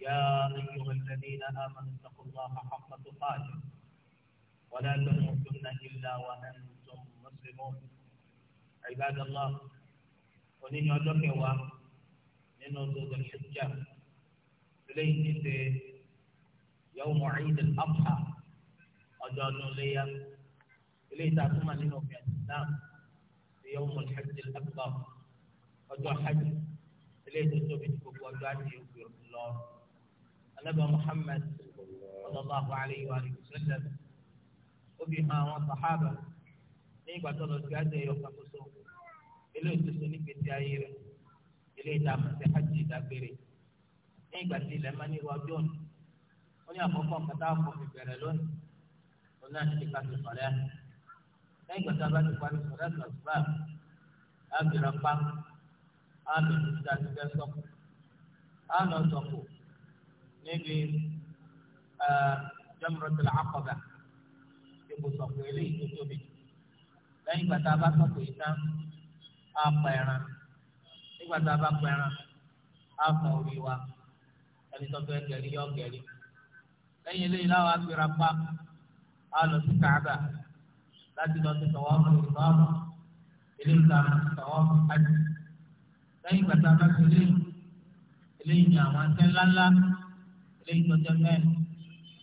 يا أيها الذين آمنوا اتقوا الله حق تقاته ولا تموتن إلا وأنتم مسلمون عباد الله ونين يدرك هو نينو ذو الحجة إليه يوم عيد الأضحى أجانو ليا إليه تعتمى نينو في الإسلام في يوم الحج الأكبر أجو حج إليه تتوبي تكوكو أجو الله anábà Muhammad sallallahu alayhi wa sallam ó fi hàn àwọn sàhábà ní ìgbà tó lọ sí àjẹ yọ kàkóso ilé ìtòsí ní gbèsè ayé rẹ ilé ìdààmú sí hajj ìdágbére ní ìgbà tí ilẹ̀ máa ní ìwájú ọ̀nà ó ní àkọ́kọ́ kẹta àpò fi bẹ̀rẹ̀ lónìí òun náà ti ká ti sọ̀rẹ́ lẹ́yìn ìgbà tí a bá ti parí sọ̀rẹ́ sọ̀rọ̀ á bẹ̀rẹ̀ pa á bẹ̀rẹ̀ ti dá ti fẹ́ sọ̀kù á lọ sọ̀kù níbi Jamratul Aqaba ibùsọ̀kù eléyìí tó tóbi lẹ́yìn ìgbà tá a bá sọ̀kù yìí tán á pa ẹran nígbà tá a bá pa ẹran á pa orí wa ẹni tó fẹ́ gẹ̀rí yọ gẹ̀rí lẹ́yìn eléyìí láwọn agbèrè apá á lọ sí Káàbà láti lọ sí tọwọ́ ìfọwọ́ eléyìí tá a lọ sí tọwọ́ ìfọwọ́ lẹ́yìn ìgbà tá a bá sọ eléyìí eléyìí ni àwọn ẹsẹ̀ ńláńlá léyìí tọ́jọ́ mẹ́rin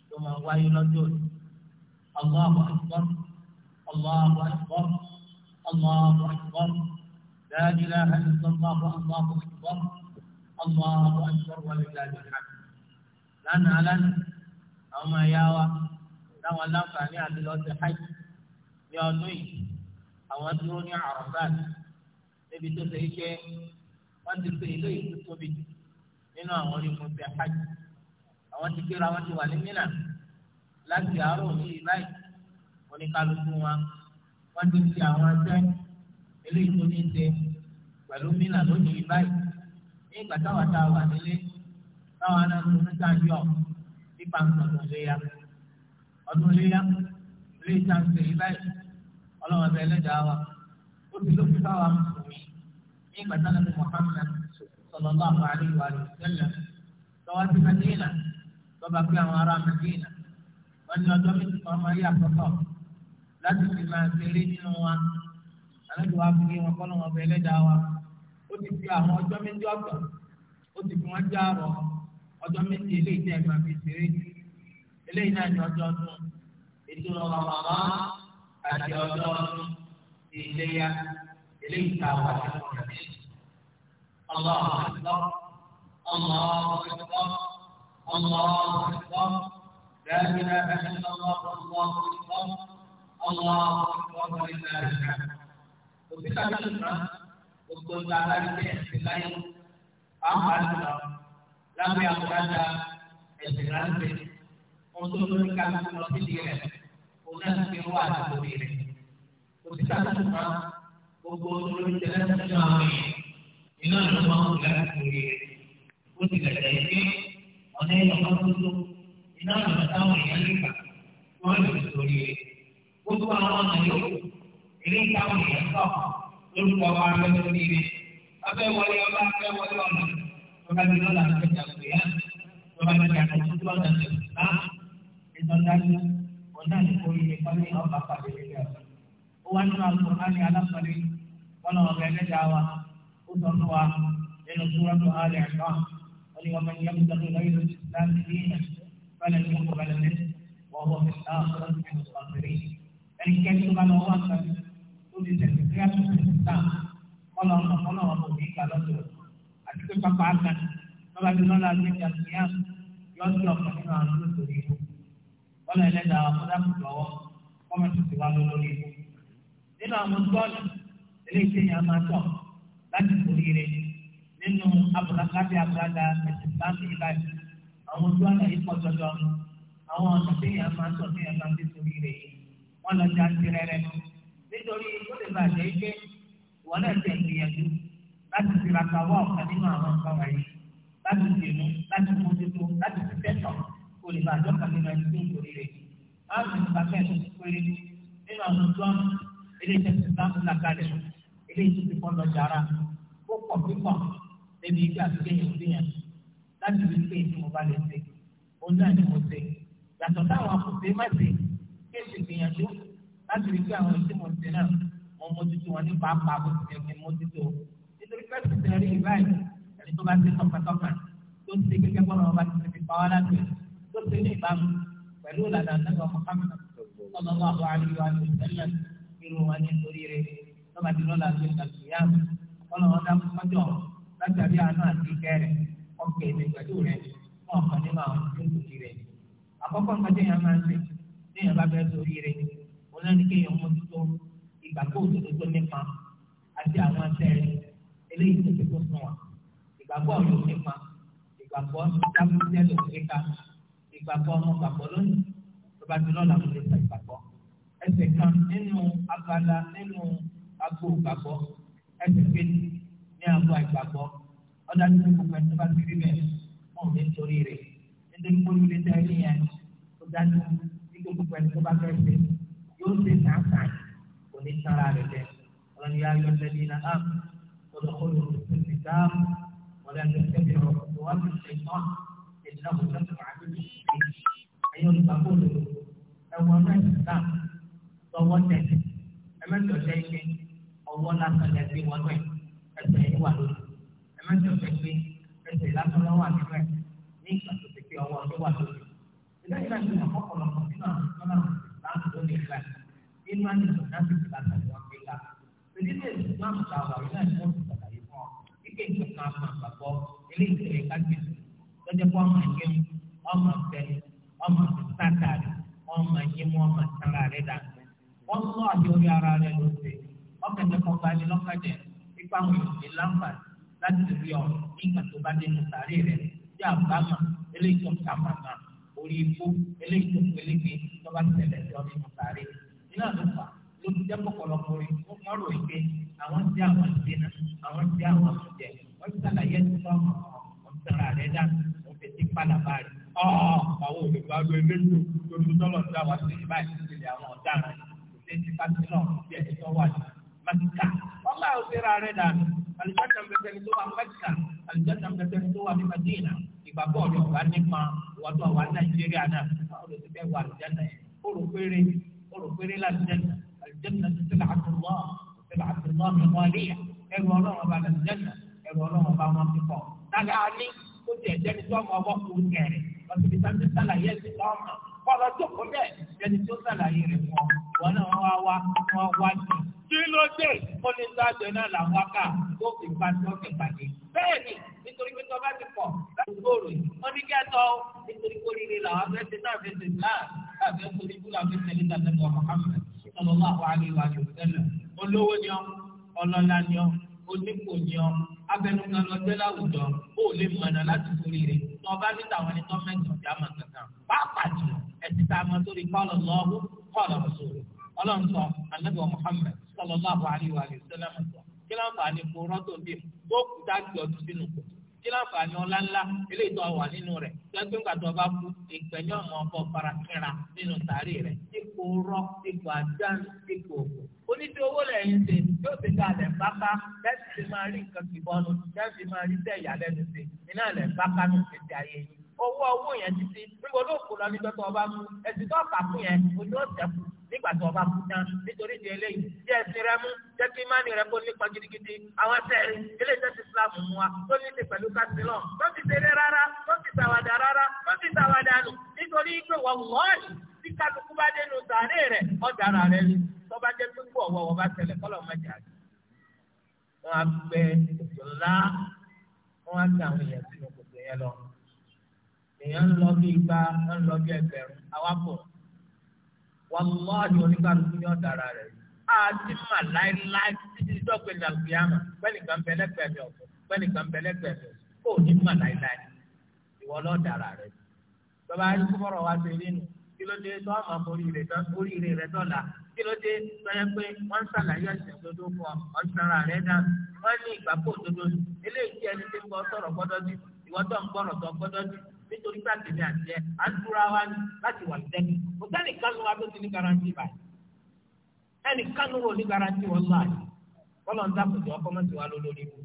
tó máa wáyé lọ́jọ́ òní. Allahu akbar, Allahu akbar, Allahu akbar, la ilaha illallah Allahu akbar, Allahu akbar wa lillahil hamd. Lánàá lánàá, àwọn máa yá wa táwọn láǹfààní àti lọ́sẹ̀ hajj ní ọdún yìí. Àwọn dúró ní Arafat níbi tó ṣe é ṣe wọ́n ti pè é lóyún tó tóbi nínú àwọn onígun bíi hajj àwọn ti kéra wọn ti wà ní mínà láti àárọ̀ ní ìbáyìí oníkálukú wọn wọn ti fi àwọn ẹgbẹ́ eléyìí tó ní í ṣe pẹ̀lú mínà lónìí ìbáyìí ní ìgbà táwọn tá a wà nílé táwọn náà tó ní sáyọ nípa ọdún léyà ọdún léyà léyìí tá a ń ṣe ìbáyìí ọlọ́wọ́n bẹ ẹlẹ́dàá wa ó ti lókè káwa mùsùlùmí ní ìgbà táwọn náà tó Muhammad sallallahu alaihi wa sallam tọ́wọ́ ti Madina lọ́ba pé àwọn ará Medina wọ́n ní ọjọ́ méjì kan máa yà sọ́tọ̀ láti fi máa ṣeré nínú wa alájọ wa fi wọn kọ́ lọ́wọ́ ọbẹ̀ ẹlẹ́dàá wa ó ti fi àwọn ọjọ́ méjì ọ̀tọ̀ ó ti fi wọ́n já rọ ọjọ́ méjì eléyìí tẹ́ ẹ fi ṣeré eléyìí náà ní ọjọ́ ọdún ètò ọ̀rọ̀ àti ọjọ́ ọdún ti eléyìí tá wà nínú rẹ̀ ọlọ́ọ̀ ọlọ́ọ̀ الله أكبر لا إله إلا الله الله أكبر الله أكبر ولله الحمد وفي خلقنا وقل تعالى في الخير أعمالنا لم يقبل الجنان untuk memberikan solusi diri, untuk keluar dari diri. Untuk kita semua, untuk berjalan dengan ini, ini adalah mengenai diri. Untuk kita ini, ọ̀nà ẹ̀yọ̀ kan tuntun iná ọ̀nà táwọn èèyàn lè gbà wọ́n lè sórí rẹ̀. gbogbo àwọn ọ̀nà yòókù eré táwọn èèyàn tọ̀ lórúkọ wa lọ sórí rẹ̀. abẹ́ wọlé ọba abẹ́ wọlé ọ̀nà lọ́ba ti lọ́la àgbẹ̀jà gbéyà lọ́ba ti yàtọ̀ tuntun ọ̀nà tẹ̀síkà ìtọ́jú ọ̀nà ìkórè nípa ní ọba pàdé nílẹ̀ ó wá nínú àlùkò láti alápàdé wọn lọ́wọ́ bẹ̀rẹ̀ dáwà ó sọ fún wa nínú súrọ́tò alẹ́ ẹ̀kọ́ ومن يبتغي غير الإسلام دينا فلن يقبل منه وهو في الآخرة من الصابرين ẹni kẹ́kẹ́ bá lọ wá kan tó ti tẹ̀sí bí a tún tẹ̀sí náà kọ́nà ọ̀nà kọ́nà ọ̀nà òbí gbà lọ́dọ̀ àti pé pápá kan lọ́ba tí lọ́la ti jà sí yá yọ sí ọ̀kan nínú àwọn tó lórí ibú kọ́nà ẹlẹ́dàá ọ̀kọ́dà kù lọ́wọ́ kọ́mọ tó ti nínú abùdákàtì abùdáka ẹ̀sìn báńkì ìbàdí àwọn ojú ọ̀nà yìí pọ̀ jọjọ àwọn ọ̀nà tí èèyàn máa ń sọ tí èèyàn máa ń fi sórí rẹ̀ wọ́n lọ já sí rẹ́rẹ́ nítorí ó lè bàjẹ́ pé wọ́n náà tẹ̀ gbìyànjú láti fi raka wá ọ̀kan nínú àwọn nǹkan wọ̀nyí láti dènú láti mójútó láti fi tẹ̀sán kó lè bàjọ́ kan nínú ẹni tó ń sórí rẹ̀ báwo ni bàbá ẹ̀sùn ti péré nínú àwọn ojú ọ̀nà ilé ìjẹsìn báńkì làkàlẹ̀ ilé ìjẹsìn débi ìgbà kéèyàn kéèyàn láti rí pé tí mo bá lè ṣe òun náà ni mo ṣe yàtọ̀ táwọn àkùnfẹ́ má ṣe kí èsì gbìyànjú láti rí pé àwọn ìṣe mo ṣe náà mo mójútó wọn ní pàápàá bó ti ṣe mójútó nítorí pẹ́ẹ́sì ti rí ìbáyìí ẹni tó bá ṣe tọkàntọkà tó ń ṣe gẹ́gẹ́ bọ́lá ọba ti fi pa wá láti tó ṣe ní ìbámu pẹ̀lú ìlànà àtẹ́gbọ̀n Muhammad sallallahu alaihi wa sallam irun wa ní torí rẹ̀ lọ́ba ti lọ́la ṣe ìtàkùn yá látàrí àánú àti kẹrẹ ọkẹ ní pẹ̀lú rẹ fún ọkàn nínú àwọn tó ń sórí rẹ àkọ́kọ́ nǹkan tí èèyàn máa ń ṣe tí èèyàn bá bẹ́ẹ̀ sórí rẹ òun náà ní kí èèyàn mójútó ìgbà tó òdodo tó nípa àti àwọn àtẹrẹ eléyìí tó ti kó sùn wà ìgbàgbọ́ ọ̀rọ̀ nípa ìgbàgbọ́ dábùtẹ́ ló ń kíka ìgbàgbọ́ ọmọ gbàgbọ́ lónìí tó bá ti lọ́la ló lè ta ìgbàgbọ́ ẹsẹ̀ kan nínú abala nínú agbo gbàgbọ́ ẹsẹ̀ kejì ní àgbo àgbàgbọ́ ọ̀dà tó ti gbogbo ẹni tó bá ti rí bẹ́ẹ̀ mọ̀ ní nítorí rẹ̀ nítorí pé olùdé tẹ́ ní yẹn tó dájú ní gbogbo ẹni tó bá fẹ́ ṣe yóò ṣe sàǹsàn kò ní sára rẹ̀ jẹ́ ọlọ́ni yá yọ ọ́dẹ nínú áp ọlọ́kọ́lù ti dá wọlé ẹni tó ti rọ̀ wọ́n ti ṣe tán ìdílé ọ̀sán tó máa ń ẹ̀yọ́ olùgbàgbọ́ òdodo ẹ̀wọ̀n náà ti dá lọ́wọ́ tẹ̀lé ẹ̀mẹ́tọ̀ọ́ ẹsẹ̀ yìí wà lórí ẹ má jẹ́ ọ̀fẹ́ pé ẹsẹ̀ lásán náà wà níbẹ̀ ní ìgbà tó ti pé ọwọ́ tó wà lórí. ìdá ìlà ti mọ̀ ọ̀pọ̀lọpọ̀ nínú àwọn tó náà láti ló lè gbà nínú àyẹ̀wò láti fi láta ìwọ̀n gbé ga. ìdílé ìsìlámù ta wà ní àyẹ̀wò ti sàlàyé fún ọ kíkẹ́ ìjọba àmà àgbàgbọ́ ilé ìtẹ̀lẹ̀ kágbèsè lọ́jọ́ pé ọmọ ẹ̀yẹ ọmọ ọ̀fẹ́ ọmọ sátàrí ọmọ ẹ̀yẹ mú ọmọ sára rẹ̀ dà wọ́n lọ́ àti orí ara rẹ̀ ló ṣe tẹ́kọ̀ọ́ bá ní lọ́kàjẹ́ fáwọn ìdílé láǹfààní láti rí ọ nígbà tó bá dé nùtàrí rẹ tí a bá mà eléyìí tó ta mà mà orí ikú eléyìí tó pélégbé tó bá tẹlẹ tó ní nùtàrí nínú àlùfà ló ti jẹ́ pọ̀pọ̀lọpọ̀ rí fún mọ́rọ̀ ìgbé àwọn tí àwọn ti dènà àwọn tí àwọn ti jẹ wọ́n ti sàlàyé tó bá wọn ọ̀tẹ̀rà rẹ dá òfin ti padà bá rí ọ̀ àwọn olùgbàgbọ́ eléyìí tó tó tọ́lọ̀ tí àwọn ti báyìí ti lè àwọn ọ̀daràn kò sí ti pàṣẹ náà bí ẹni tó wà ní màtíkà wọ́n bá òṣèré ààrẹ dànù àlùjáde àmbẹ̀tẹ̀ ni tó wà mẹ́tíkà àlùjáde àmbẹ̀tẹ̀ ni tó wà ní Madina ìgbàgbọ́ ọ̀dọ̀ wà nípa ìwọ́dọ̀ wà Nàìjíríà náà báwo ló ti fẹ́ wà àlùjáde olùpéré olùpéré làlùjáde àlùjáde ti tẹ̀lé àtúnwọ́ tẹ̀lé àtúnwọ́ mi wọ́n lé ẹrù ọlọ́run bá làlùjáde ẹrù ọlọ́run bá wọn fi pọ̀ tàgá ní ó ti ẹ̀jẹ̀ ní bọ́ọ̀lù jókòó bẹ́ẹ̀ ẹni tó sàlàyé rẹ̀ fún ọ wọn náà wá wá wọn wá jù kí ló dé ó ní sáájọ náà làwọn kà tó fi pa tó fi pàdé bẹ́ẹ̀ ni nítorí pé tọ́ bá ti pọ̀ láti gbòòrò yìí wọ́n ní kẹ́tọ́ nítorí pé oríire làwọn fẹ́ ṣe náà fẹ́ ṣe náà láti fẹ́ torí kú làwọn fẹ́ ṣe níta tẹ́lẹ̀ ọmọ hàmẹ́ sọlọ́lá àwọn onípò ni ọ abẹnugan lọ jẹ láwùjọ ó lè mọ̀nà láti torí rẹ̀ tọ́ níta àwọn ẹni tọ́ mẹ́tọ̀ ọ̀dà kankan pàápàá jùlọ ẹ̀sìn tá a mọ sórí kọ́ọ̀lù lọ́ọ̀hún kọ́ọ̀lù ọ̀ṣọ́rọ̀ ọlọ́nsọ anabi Muhammad sallallahu alayhi wa sallam sọ kí láǹfààní kúrọ́ tó bí tó kù tá a gbé ọdún sínú kù kí láǹfààní ọlá ńlá eléyìí tó wà nínú rẹ̀ gbẹ́gbẹ́ ńgbà tó bá kú ìgbẹ́jọ́ ọmọ ọkọ̀ farakínra nínú sàárì rẹ̀ ipò rọ ipò àdán ipò òkú onídìí owó lẹ́yìn ṣe yóò ti ká lẹ̀ báká lẹ́sìn máa rí nǹkan kìbọnu lẹ́sìn máa rí tẹ̀yà lẹ́nu ṣe iná lẹ̀ báká nù ti ayé yìí owó owó yẹn títí níbo ló kó lọ níjọ́ tó ọba kú ẹ̀sìn tó ọ̀pá kú yẹn ojú ọ̀sẹ̀ kù nígbà tó ọba kú tán nítorí ti eléyìí tí ẹ̀sìn rẹ mú jẹ́ kí imáni rẹ kó nípa gidigidi àwọn ẹsẹ̀ rí eléyìí tẹ́sí islamu mu wa tó ní ti pẹ̀lú kásílọ̀ tó ti tẹ̀lé rárá tó ti sàwádà rárá tó ti sàwádà nù nítorí pé wọ́n wọ́ọ̀lì tí kálukú bá dénú sàárè rẹ̀ ọ̀dà rà rẹ̀ rí tó bá jẹ́ pípọ̀ ọ̀wọ́ wọn bá tẹ̀lé kọ́lọ̀ mẹ́jà rí. wọ́n á gbẹ òjò ńlá á gbẹ àwọn èèyàn sínú kòtò yẹn lọ èèyàn ń lọ bí igba ń lọ bí ẹgbẹ̀rún awapọ̀ wàlúwàdì oníkàlùkù ní ọ̀dàrà rẹ̀ àti mà láéláé títí dọ́gbẹ̀ làlùkìyàmà pẹ́ẹ́nì kan bẹ lẹ́gbẹ̀ẹ́ mi ọ̀tọ̀ pẹ́ẹ́nì kan bẹ lẹ́gbẹ̀ẹ́ mi ọ̀tọ̀ kó o ní mà láéláé ìwọ lọ́ọ̀dàrà rẹ̀ bàbá arúgbọ́rọ̀ wa ṣe rí nu kí ló dé tó àmà orí rẹ̀ tó orí rẹ̀ tó là kí ló dé sọyẹ pé wọ́n ń ṣàlàyé ẹ̀sìn òdodo fún ọ ọ̀n sanra rẹ̀ dá wọ́n ní ìgbàgbọ́ òdodo eléyìí tí ẹni tí ń gbọ́ sọ̀rọ̀ gbọ́dọ̀ dì ìwọ́tọ̀ ń gbọ́rọ̀ tó gbọ́dọ̀ dì nítorí pé àtẹ̀mí àti ẹ̀ à ń túra wa láti wà lẹ́nu kò sẹ́ni kánú wa tó ti ní garanti báyìí ẹnì kánú wo ní garanti wọn láàyè wọ́n lọ ń dákòtò ọkọ mọ́tò wa lólórí mu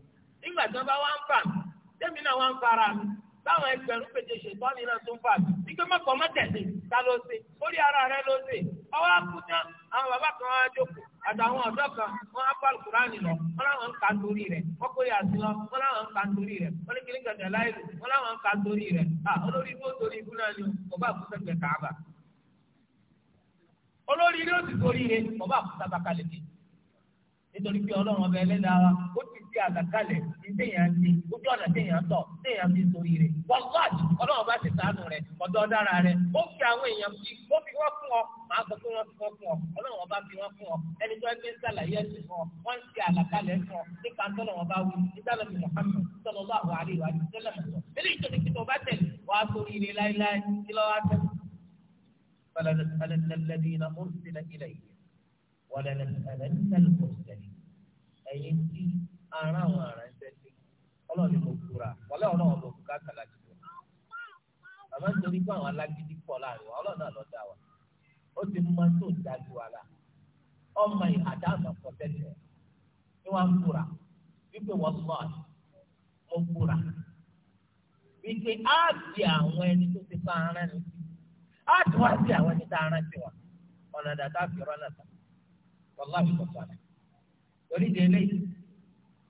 nígbà tí wọ́n bá wá ń fà mí tẹ́mi náà wá ń fara mi báwọn ẹgbẹ̀rún pété ṣètọ́ mi náà tó ń fà mí pé mọ̀kọ́ mọ̀ tẹ̀sí ta ló ṣe orí ara rẹ ló ṣe ọwọ́ akúta àwọn bàbá kan wá jókòó àtàwọn ọ̀dọ́ kan wọ́n á pàlù kúránì lọ wọ́n láwọn ń ka torí rẹ̀ wọ́n kó yà sí lọ wọ́n láwọn ń ka torí rẹ̀ wọ́n ní kíní gàdẹ̀ láì lù wọ́n láwọn ń ka torí rẹ̀ à olórí tó torí ikú náà ni bàbá àkúta gbẹ káàbà olórí ilé ó sì torí rẹ̀ bàbá àkúta bàkàlẹ̀ kejì nítorí pé ọlọ́run ọba ẹlẹ́dàá wa ó ti di àlàkalẹ̀ ní téèyàn ti ojú ọ̀nà téèyàn tọ̀ téèyàn fi sórí rẹ̀ wọ́láàj ọlọ́run ọba ti ṣàánú rẹ̀ ọ̀dọ́ dára rẹ̀ ó fi àwọn èèyàn fi ó fi wọ́n fún ọ màá sọ pé wọ́n fi wọ́n fún ọ ọlọ́run ọba fi wọ́n fún ọ ẹni tó ẹgbẹ́ sàlàyé ẹ̀sìn fún ọ wọ́n ń ṣe fún ọ nípa tọ́lọ́run ọba wù nígbàlódé Muhammad wọlé ẹlẹ tẹlifọ sẹlẹ ẹyin tí ara àwọn ará ń tẹsí ọlọ́ọ̀ni mo kura wọlé ọlọ́ọ̀ mo kú kákàlà jù lọ àmọ́ nítorí pé àwọn alágídí pọ̀ láàrin wa ọlọ́ọ̀ náà lọ dá wa ó ti mọ tó dájú wa la ọmọ ìhàdá àmọ́ kọ tẹ́tẹ́ ni wọ́n á kura wípé wọ́n mọ̀ ọ́ mo kura wípé á bí àwọn ẹni tó ti bá ara ní á tún á bí àwọn ẹni tá ara ti wà ọ̀nà dàda fi rọ́nà tán. wàhálà ìkọ̀tà torí délé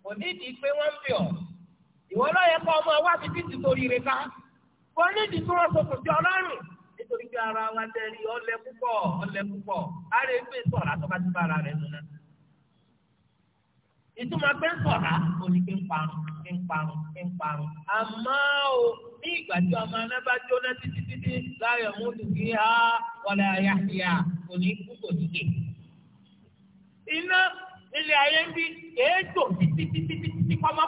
kò nídìí pé wọ́n ń bì ọ́ ìwọ náà yẹ ọmọ wa ti fi tìtorí rẹ ká kò nídìí tó wọ́n nítorí pé wa púpọ̀ ọlẹ púpọ̀ ara sọ̀rọ̀ àtọ́ka ara rẹ nù náà ìtumọ̀ òní ń parun iná ilé ayé ń bí èédò títítítítí pamọ́.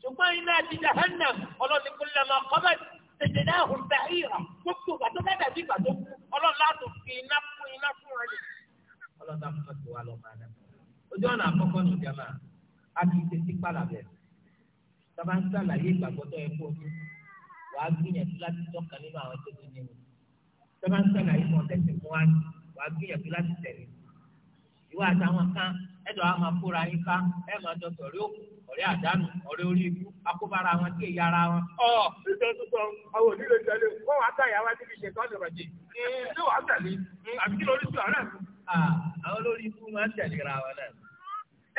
ṣùgbọ́n iná ti jahannam ọlọ́ni kúlẹ̀ máa kọ́mẹ́ tètè náà hùn sàìrà gbogbo gbàtọ́ bẹ́ẹ̀ dàbí gbàtọ́ ọlọ́ni láti fi iná fún iná fún wọn ni. ọlọ́ni láti fọ́ ti wá lọ máa náà. ojú ọ̀nà àkọ́kọ́ ní ìjàmbá a kì í ṣe sí pàlàbẹ̀. sábà ń sàlàyé ìgbàgbọ́ tó yẹ fún ojú gbìyànjú láti tọ́ka nínú àwọn tó ti ní ìwà àtàwọn kan ẹ̀dọ̀ àwọn máa kóra yín ká ẹ̀ máa jọ sọ̀rí òkú ọ̀rẹ́ àdánù ọ̀rẹ́ orí ikú akóbára wọn tí èyí ara wọn. ọ ìjọ tuntun àwọn onílé tẹlẹ wọn wàá tà yà wá síbi ìṣètò ọdọrọ jì ṣé wàá tẹlẹ àbí kí lórí sùn àárẹ. àwọn olórí ikú máa ń tẹ̀lé ra wọn náà.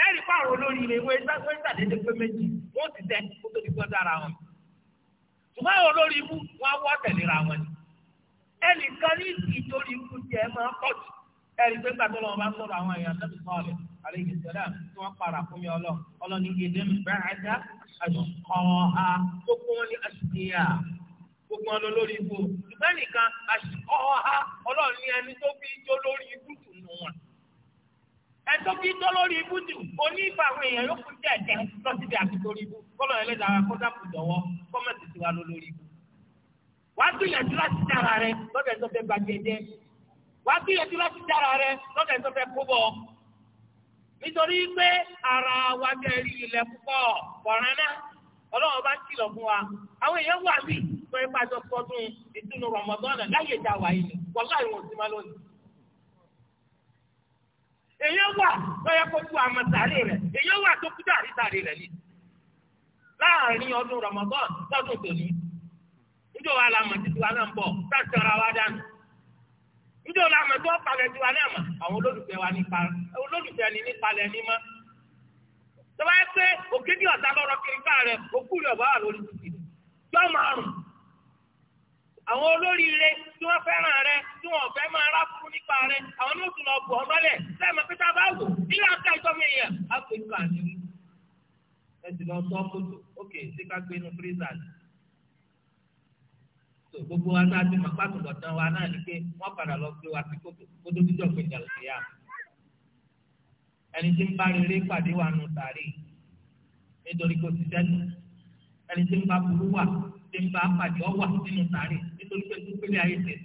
ẹ̀rí pààrọ̀ olórí ilé ìwé ìtàkùn pé méjì wọ́n ti tẹ kó tó di gbọ́ dára wọn. ṣùgbọ́n àwọn olórí ikú wọn á wọ́ tẹ̀lé ra wọn. ẹnìkan ní ìtorí ikú tiẹ̀ ẹ̀rí pé gbàtọ lọ́wọ́ bá sọ̀rọ̀ àwọn èèyàn tó ti sọ ọlẹ àlejò sẹlẹ tí wọn para fún mi ọlọ ọlọni èdè mi bá ajá àṣùkọọha gbogbo wọn ní àṣùkìyà gbogbo wọn lórí ibò ṣùgbọ́n nìkan àṣùkọọha ọlọ́run ní ẹni tó fi jó lórí ibùdó nù wọn ẹtọ́ bí tọ́ lórí ibú oní ìfà àwọn èèyàn yóò kú jẹ́ẹ̀jẹ́ lọ síbi àtúntò orí wá gbìyànjú láti dára rẹ lọ́dẹ̀ tó fẹ́ kó bọ̀. nítorí pé ara wa jẹ́ rí ilẹ̀ púpọ̀ kọ̀ọ̀rán náà ọlọ́run bá kìlọ̀ fún wa. àwọn èèyàn wà bí tó ẹ bá ìtúnu rọmọdọ́nà láyé ìjà wà yìí wọ́n láì wọ́n sí máa lónìí. èèyàn wà kó àmọ́ sàárè rẹ̀ èèyàn wà tó kú dàrí sàárè rẹ̀ ọdún rọmọdọ́nà lọ́dún tòní. wa títí wa náà ń bọ̀ níjọ́ la mọ̀ tí wọ́n palẹ̀ ju wa náà mọ̀ àwọn olólùfẹ́ wa nípa olólùfẹ́ ni nípalẹ̀ ní mọ́. tọ́wọ́ ẹ pé òkèdè ọ̀tá lọ́rọ̀ kiri ká rẹ̀ òkúrì ọ̀bá wà lórí títì yọ márùn. àwọn olóríire tí wọ́n fẹ́ràn rẹ tí wọ́n fẹ́ máa rá fún nípa rẹ àwọn ní oṣù lọ bù ọ́ mọ́lẹ̀ sẹ́ẹ̀mọ́ pé tá a bá wò nílé àká ìtọ́mọ èèyàn á pè é tó gbogbo wa náà ti mọ pàtùkọ̀ tán wa náà ni pé wọ́n padà lọ gbé wa sí kòtò kótó tó jọ̀gbìn jàlùkìyà ẹni tí ń bá rere pàdé wa nù sàárè nítorí kò sí sẹ́nu ẹni tí ń bá burú wà tí ń bá pàdé ọ̀wà nínú sàárè nítorí pé tó gbélé ayé tẹ̀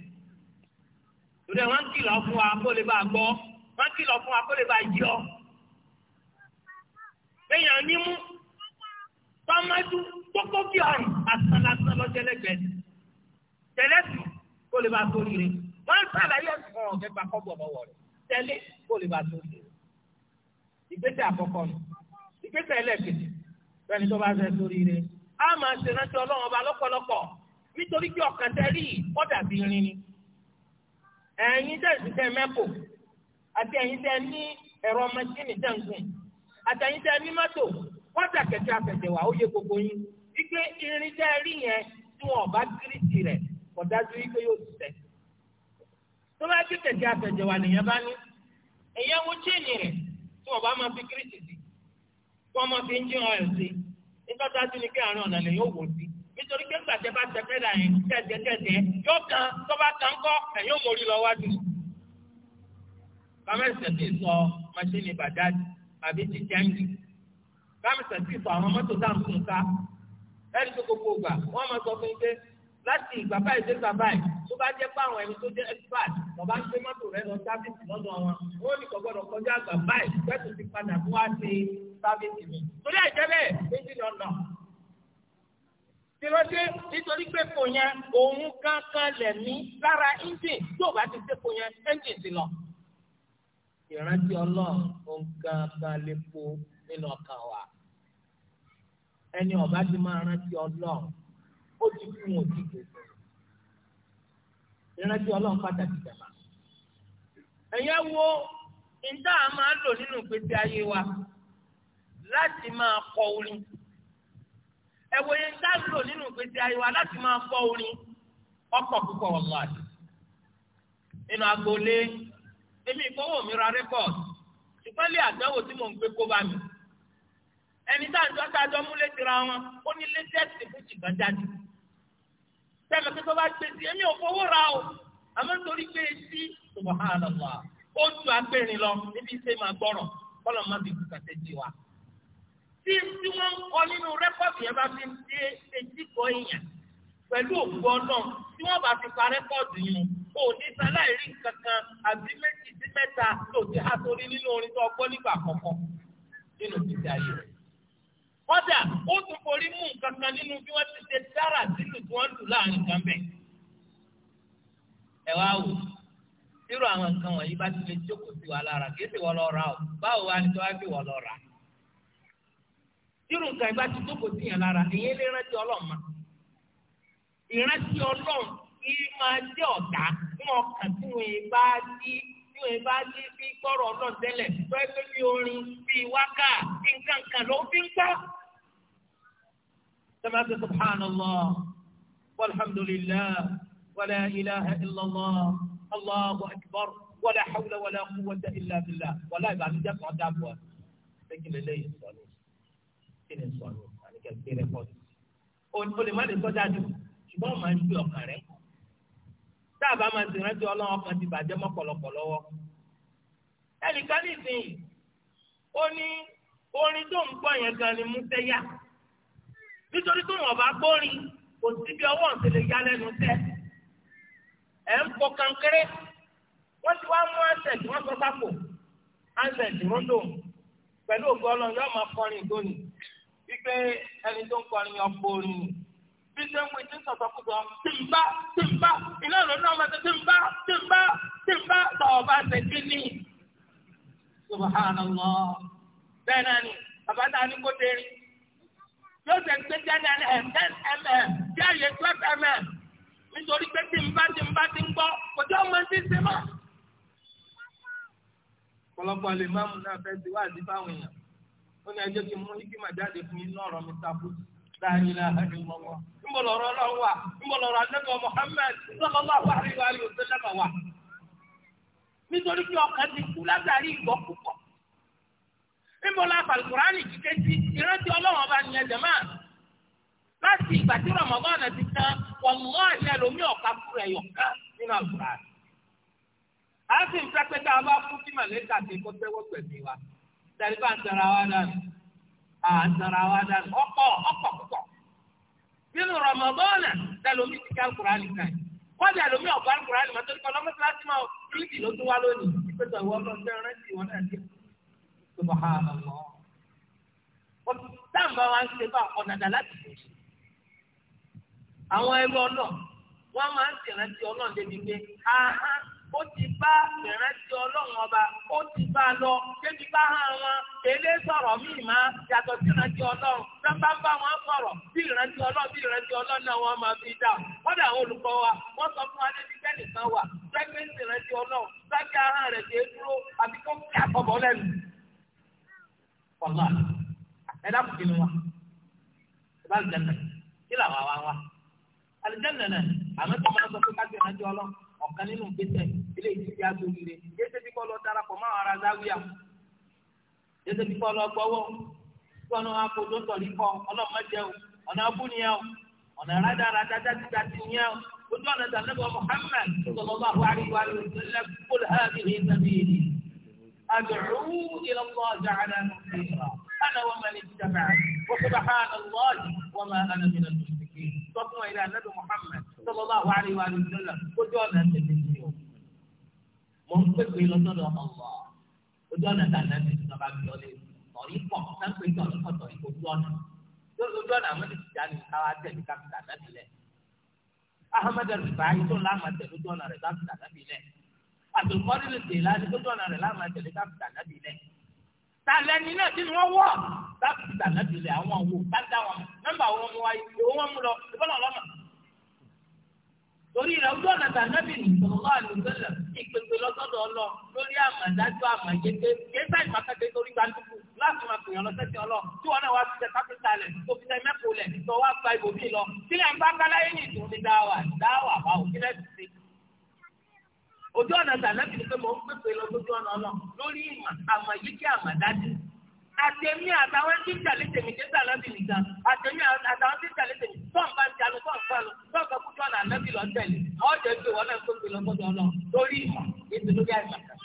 torí ẹ wọ́n ń kìlọ̀ fún wa kó lè bá gbọ́ wọ́n ń kìlọ̀ fún wa kó lè bá yọ lẹ́yìn ànímú tọ́mọ́dún kókó kí ọ̀rùn tẹ̀lé sí kó lè bá a sórí rẹ̀ wọ́n ń sàlàyé ẹ̀sùn ọ̀hún kẹgbà kọ́bù ọ̀bọ̀wọ̀ rẹ̀ tẹ̀lé kó lè bá a sórí rẹ̀ ìgbésẹ̀ àkọ́kọ́ nù ìgbésẹ̀ ẹlẹ́ẹ̀kejì bẹ́ẹ̀ni tó bá fẹ́ sórí rẹ̀ á máa ṣe rántí ọlọ́run ọba lọ́pọ̀lọpọ̀ nítorí pé ọkàn tẹ́lí ó dàbí irin ni ẹ̀yin tẹ̀ sí tẹ́ mẹ́kò àti ẹ̀yin tẹ́ ní ẹ̀rọ mẹsìnì jẹ̀ǹgùn àti ẹ̀yin tẹ́ ní mọ́tò kọ́dà kẹ̀kẹ́ àfẹ̀tẹ̀wà ó yẹ gbogbo yín wípé irin tẹ́ rí yẹn tí wọn gírísì rẹ̀ kò dájú wípé yóò ti tẹ̀. tó bá ti tẹ̀sí àtẹ̀jẹ̀wà nìyẹn bá ní ẹ̀yẹ́ wo chéènì rẹ̀ tí wọ́n bá máa fi kírísì sí tí wọ́n máa fi engine oil sí nígbà tó dájú ni pé àárín ọ̀nà lèyìn òwò sí nítorí pé gbàtẹ́ bá tẹ fẹ́ dàn tẹ̀tẹ̀tẹ̀ yóò kan tó bá kan kọ́ ẹ̀yìn òmòrí lọ wájú. bámẹ́sẹ̀ ti sọ machine bàdáàdì àbí ti jẹ́ǹgì bámẹ́sẹ̀ ti sọ àwọn mọ́tò dáhùn fún ká ẹ̀rí tó gbogbo gbà wọ́n máa sọ fún yín pé láti ìgbà báyìí dé ìgbà báyìí tó bá jẹ́ pé àwọn ẹni tó jẹ́ expert bàbá gbé mọ́tò rẹ lọ sáfíìsì lọ́dọ̀ wọn ó ní kò gbọ́dọ̀ kọjá àgbà báyìí pẹ́tù ti padà fún wa ṣe sáfíìsì mi. torí ẹ̀jẹ̀ bẹ́ẹ̀ méjì ni ọ̀nà. tìrọ́dé nítorí pé kò yẹn òun kankan lẹ̀ mí lára engine tó bá ti dépò yẹn engine ti lọ. ìrántí ọlọ́run òun kankan lè po nínú ọkàn wa ẹni ọba ti máa rántí ọlọ́run ó ti kú wọn ti kú ìrántí ọlọ́run pàtàkì jàmbá. ẹ̀yẹ́ wo ìdá máa lò nínú ìgbésí ayé wa láti máa kọ orin ẹ̀wọ̀ ìdá lò nínú ìgbésí ayé wa láti máa kọ orin ọ̀pọ̀ púpọ̀ wọ̀lọ́ àti nínú agboolé èmi ìfowó mi ra rékọ̀dì ṣùgbọ́n lé àdánwò tí mò ń gbé kó bá mi ẹni tá à ń tọ́ta àjọ múlẹ̀ tira wọn ó ní létẹ́sì fún jìgbọ́n jáde sẹ́mi pé tó bá gbé sí èmi ò fowó ra o àmọ́ nítorí pé etí subhanallah ó ju agbérin lọ níbi iṣẹ́ máa gbọ́rọ̀ kọ́lọ̀ má fi kúkà ṣe jí wa. tí tí wọ́n ń kọ nínú rẹ́kọ̀dì yẹn bá fi ń dé etí kọ èèyàn pẹ̀lú òkú ọlọ́run tí wọ́n bá ti pa rẹ́kọ̀dì yẹn o ní sáláì rí kankan àbí méjì sí mẹ́ta tó ti há sórí nínú orin tó ọgbọ́n nígbà kọ̀ọ̀kan nínú ìgbésí ayé rẹ̀. kọ́dà ó tún forí mú nǹkan nínú bí wọ́n ti ṣe dára sílùú tí wọ́n lù láàrin kan bẹ́ẹ̀. ẹ wá wò irú àwọn nǹkan wọ̀nyí bá ti lè jókòó sí wa lára kì í wọ́n lọ ra o báwo wá ní wọ́n lọ ra. irú nǹkan jókòó sí yẹn lára èyí lè rántí ọlọ́run ma ìrántí ọlọ́run kì tí wọ́n bá ní bí kọ́rọ̀ náà tẹ́lẹ̀ tó ẹgbẹ́ bí orin bí wákà bí nǹkan ló fi ń kọ́. gbà. sọ́mà sọ subhanallah walhamdulillah wàlá ilaha illallah allahu akbar wàlá hawla wàlá quwwata illa billah wàlá ìbànújẹ́ kan dábọ̀ ṣé kí lélẹ́yìn sọ̀rọ̀ kí ni sọ̀rọ̀ àníkẹ́ kí rẹ́pọ̀tì. olè má lè sọ́jà dùn ṣùgbọ́n màá ń gbé ọkàn rẹ̀ táàbà máa ti rántí ọlọ́wọ́ kan ti bàjẹ́ mọ́ pọ̀lọpọ̀ lọ́wọ́. ẹnìkan nísìnyí ó ní orin tó ń gbọ́ yẹn gan ni mú tẹ́ yá nítorí tó wọ́n bá gbórin kò sí bí ọwọ́ ń tẹ̀lé yá lẹ́nu tẹ́ ẹ̀ ń pọ kankéré wọ́n ti wá mú ansẹ̀t wọ́n sọ sápò ansẹ̀t rúndò pẹ̀lú ògbọ́n lọ yọ ọmọ kọrin ìdóni wípé ẹni tó ń kọrin ọkọ orin nìyí bí ṣe ń wíjì sọ̀tọ̀kùtọ̀ tí ń bá tí ń bá iná ìlú náà máa ṣe tí ń bá tí ń bá tí ń bá tọ̀ ọba ṣe kí ni. subhanallah bẹ́ẹ̀ náà ni bàbá ta ni kò dérin yóò ṣe ń gbé jáde mm mm bí àyè twelve mm nítorí pé tí ń bá tí ń bá tí ń gbọ́ kò tí ọmọ ti ṣe mọ́. ọ̀pọ̀lọpọ̀ lè máàmù náà fẹ́ẹ́ ti wá àdìbáwọn èèyàn ó ní ẹjọ́ ti mú ikí màjáde fún iná ọ̀rọ̀ mi ta bùtù. láàrínláà ẹ̀dùnmọ́wọ́. Ńbọ̀lọ̀rọ̀ ọlọ́run wà, ńbọ̀lọ̀rọ̀ ọrụ Mọ̀hámẹ́d sallallahu alaihi wa Nítorí pé ọkàn ti kú látàrí ìgbọ́ púpọ̀. àfàlùkùránì sí ìrántí ọlọ́run ọba ẹ̀jẹ̀ máa. Láti ìgbà tí Ramadan ti tán, mú àṣẹ ọ̀ka ẹ̀yọ̀ kan nínú A sì ń fẹ́ pé tá a bá fún kí màlẹ́kà ti kọ́ tẹ́wọ́ pẹ̀lú wa. ń àtàrà wa dànù ọ̀pọ̀ ọ̀pọ̀ púpọ̀ nínú rọmọdọ́nà tẹlomi ti ká alukurani kan kọ́jà lomi ọ̀pọ̀ alukurani mọ́tò ní kọ́lọ́mọ́ kíláàsì máa kílíkì ló tún wá lónìí ìpèsè ìwọ ọlọ́dẹ rántí ìwọ náà dé subahana mọ́ táǹbà wa ń ṣe bá ọ̀nàdà láti lè ṣe àwọn ẹrú ọlọ́ wọ́n máa ń ṣèrántí ọlọ́ọ̀dẹ́bí pé ahán ó ti bá ìrántí ọlọ́run ọba ó ti bá a lọ débi bá hàn wọn èlé sọ̀rọ̀ míì má yàtọ̀ sí ìrántí ọlọ́run nọ́mbà ń bá wọn sọ̀rọ̀ bí ìrántí ọlọ́run bí ìrántí ọlọ́run náà wọ́n máa fi dà wọ́n dà olùkọ́ wa wọ́n sọ fún wa débi bẹ́ẹ̀ nìkan wà ìrántí ọlọ́run ahọ́n rẹ̀ dé dúró àbí kó kí àkọ́bọ̀ lẹ́nu. ọ̀la ọ̀kan nínú gbèsè ilé ìdíje agbóríire yéésẹ bí kò lọ darapọ̀ máa ara záwíà yéésẹ bí kò lọ gbọ́wọ́ kí ọ̀nà akóso sọ̀rí kọ ọlọ́mọdé o ọ̀nà abúniyà o ọ̀nà rádaràdá dájúdá ti yẹ o ojú ọ̀nà ìdánilẹ́kọ̀ọ́ Muhammad sallallahu alaihi wa sallam qul hadhihi sabili ad'u ila Allah ta'ala nusira ana wa man ittaba'ani sallallahu alaihi wa sallam kójú ọ̀nà tètè sí o mo ń pèpè lọ́sọ̀dọ̀ ọ̀wọ́ ojú ọ̀nà tàná ti sọ bá fi ọlẹ́ ọ̀rí pọ̀ sáńpé tó ọ̀rí pọ̀tọ̀ ìkó ojú ọ̀nà lójú ọ̀nà àwọn ti tìjà ní káwá tẹ̀lé káfíńtà náà tilẹ̀ ahmed rìbáyé tó láàmà tẹ̀lé ojú ọ̀nà rẹ̀ káfíńtà náà tilẹ̀ àtòkọ́rí lè tàlẹ́ni náà tí wọ́n wọ̀ káfíńtà náà tilẹ̀ àwọn òwò bá dá wọn nọ́mbà wọn mú wáyé òun mú lọ ìbọn torí rẹ̀ ojú ọ̀nà tàbí ìṣòro àlùsọ̀lẹ̀ ìpèsè lọ́sọ̀dọ̀ ọlọ lórí àmàdájú àmàjẹjẹ kéésà ìpàkàtẹ torí gbàdúgbò láti máa pèèyàn lọ́sẹ̀tì ọlọ tí wọn náà wá fi tẹ kápẹ́tà lẹ̀ tó fi tẹ mẹ́kọ̀ọ́ lẹ̀ tó wá gba ibòmí lọ sílẹ̀ ń bá káláyé ní ìtòmí dáwà dáwà bá òkílẹ̀ sí ojú ọ̀nà tàbí ìṣòro àtẹ̀mí àtàwọn tí ń tẹ̀lé tèmi tí ń tẹ̀lé mi nìkan àtẹ̀mí àtàwọn tí ń tẹ̀lé tèmi tọ́n bá ń jalù tọ́n fanu tọ́n fẹ́ kú tọ́nà ànábì lọ tẹ̀lé àwọn jẹ́ pé wọn náà tó gbé lọ́gbọ́dọ̀ lọ lórí ìdùnnú bí àìsàn kan.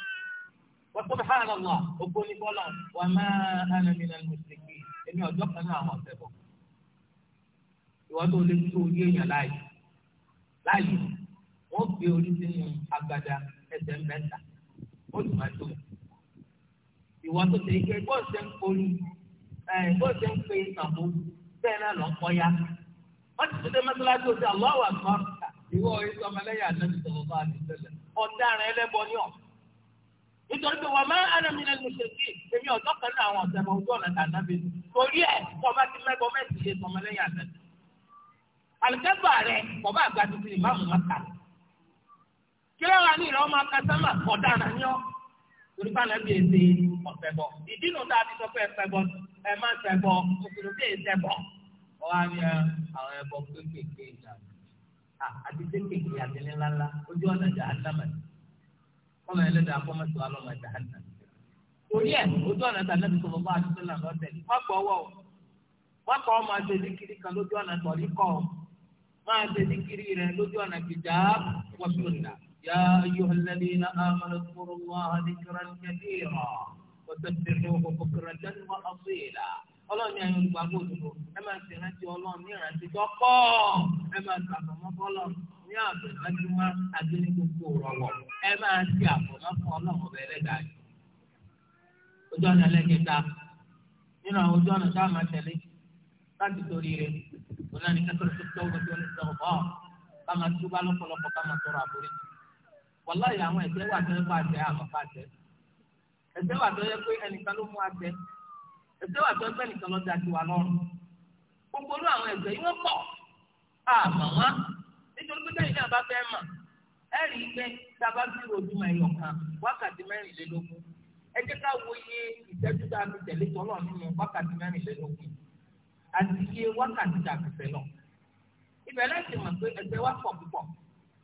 wọ́n tó bá rà lọ ògbó ní bọ́lá wà máa hànà mí lẹ́nu ìsìnkú èmi ọ̀dọ́ kan náà àwọn ọ̀sẹ̀ bọ̀. ìwọ́n tó lè tó orí ìwọ tó ṣe pé bó ṣe ń poli bó ṣe ń pe ìtàbó bẹ́ẹ̀ náà lọ kọ́ ya wọ́n ti tún dé mọ́tòláṣí oṣù aláwọ̀ àgbà ìwọ ìṣọ́ ọmọlẹ́yà lẹ́nu sọ̀rọ̀ bá ti tẹ̀lẹ̀ ọ̀daràn ẹlẹ́bọ ní ọ̀ nítorí pé wọ́n máa ń anamí lẹ́nu ṣèké èmi ọ̀dọ́ kan náà àwọn ọ̀sẹ̀ ọjọ́ ọ̀nà tàdábé torí ẹ̀ torí bá nàbí èsè ọ̀fẹ́ bọ̀ ìdí nù tá a ti sọ pé ẹ̀fẹ́ bọ̀ ẹ̀ má fẹ́ bọ̀ òkùnrin bí èsè bọ̀ ọ wá rí ah, àwọn ẹ̀bọ kéékèèké ìjà àti kéékèèké àti ńláńlá ojú ọ̀nà jà á dá màdì kọ́mọ ẹlẹ́dàá kọ́mọ̀tò alọ́mọ jà á dá torí ẹ̀ ojú ọ̀nà tà nàbí sọ̀rọ̀ bá àdúgbò náà lọ́tẹ̀ wọ́n kọ́ wọ́ ọmọ àti ìdíkiri kan lójú ọ̀nà tọ̀rí يا أيها الذين آمنوا اذكروا الله ذكرا كثيرا وسبحوه بكرة وأصيلا ọlọ́run ní ayọ̀ olùgbàgbọ́ òdodo ẹ máa ṣe ìrántí ọlọ́run ní ìrántí tọ́kọ́ ẹ máa ṣe àfọ̀mọ́ fọlọ́run ní àbẹ̀lájúmọ́ àgbélé gbogbo rọ̀wọ̀ ẹ máa ṣe àfọ̀mọ́ fún ọlọ́run ọbẹ̀ ẹlẹ́dàá yìí. ojú ọ̀nà ẹlẹ́kẹta nínú àwọn ojú ọ̀nà tá a máa tẹ̀lé láti torí rẹ̀ ọ̀nà ní kẹ́kọ̀ọ́ tó tọ́ wàláyé àwọn ẹ̀ṣẹ̀ wà tó yẹ kó àtẹ àmọ́ bá tẹ ẹ̀ṣẹ̀ wà tó yẹ pé ẹnìkan ló mú àtẹ ẹ̀ṣẹ̀ wà tó yẹ pé ẹnìkan ló da ju wa lọ́rùn gbogbo olú àwọn ẹ̀ṣẹ̀ yìí wọ́n pọ̀ àmọ́ wá nítorí pé lẹ́yìn náà bá fẹ́ mọ̀ ẹ rí i pé tá a bá fi rojúmọ̀ ẹ̀yọ̀ kan wákàtí mẹ́rìnlélógún ẹ jẹ́ ká wo iye ìtẹ́jú tá a fi tẹ̀lé tọ́lọ̀ nínú wákàtí mẹ́rìnlélógún àti iye wákàtí tá a fi fẹ́ lọ ibẹ̀ láti mọ̀ pé ẹ̀ṣẹ̀ wá pọ̀ púpọ̀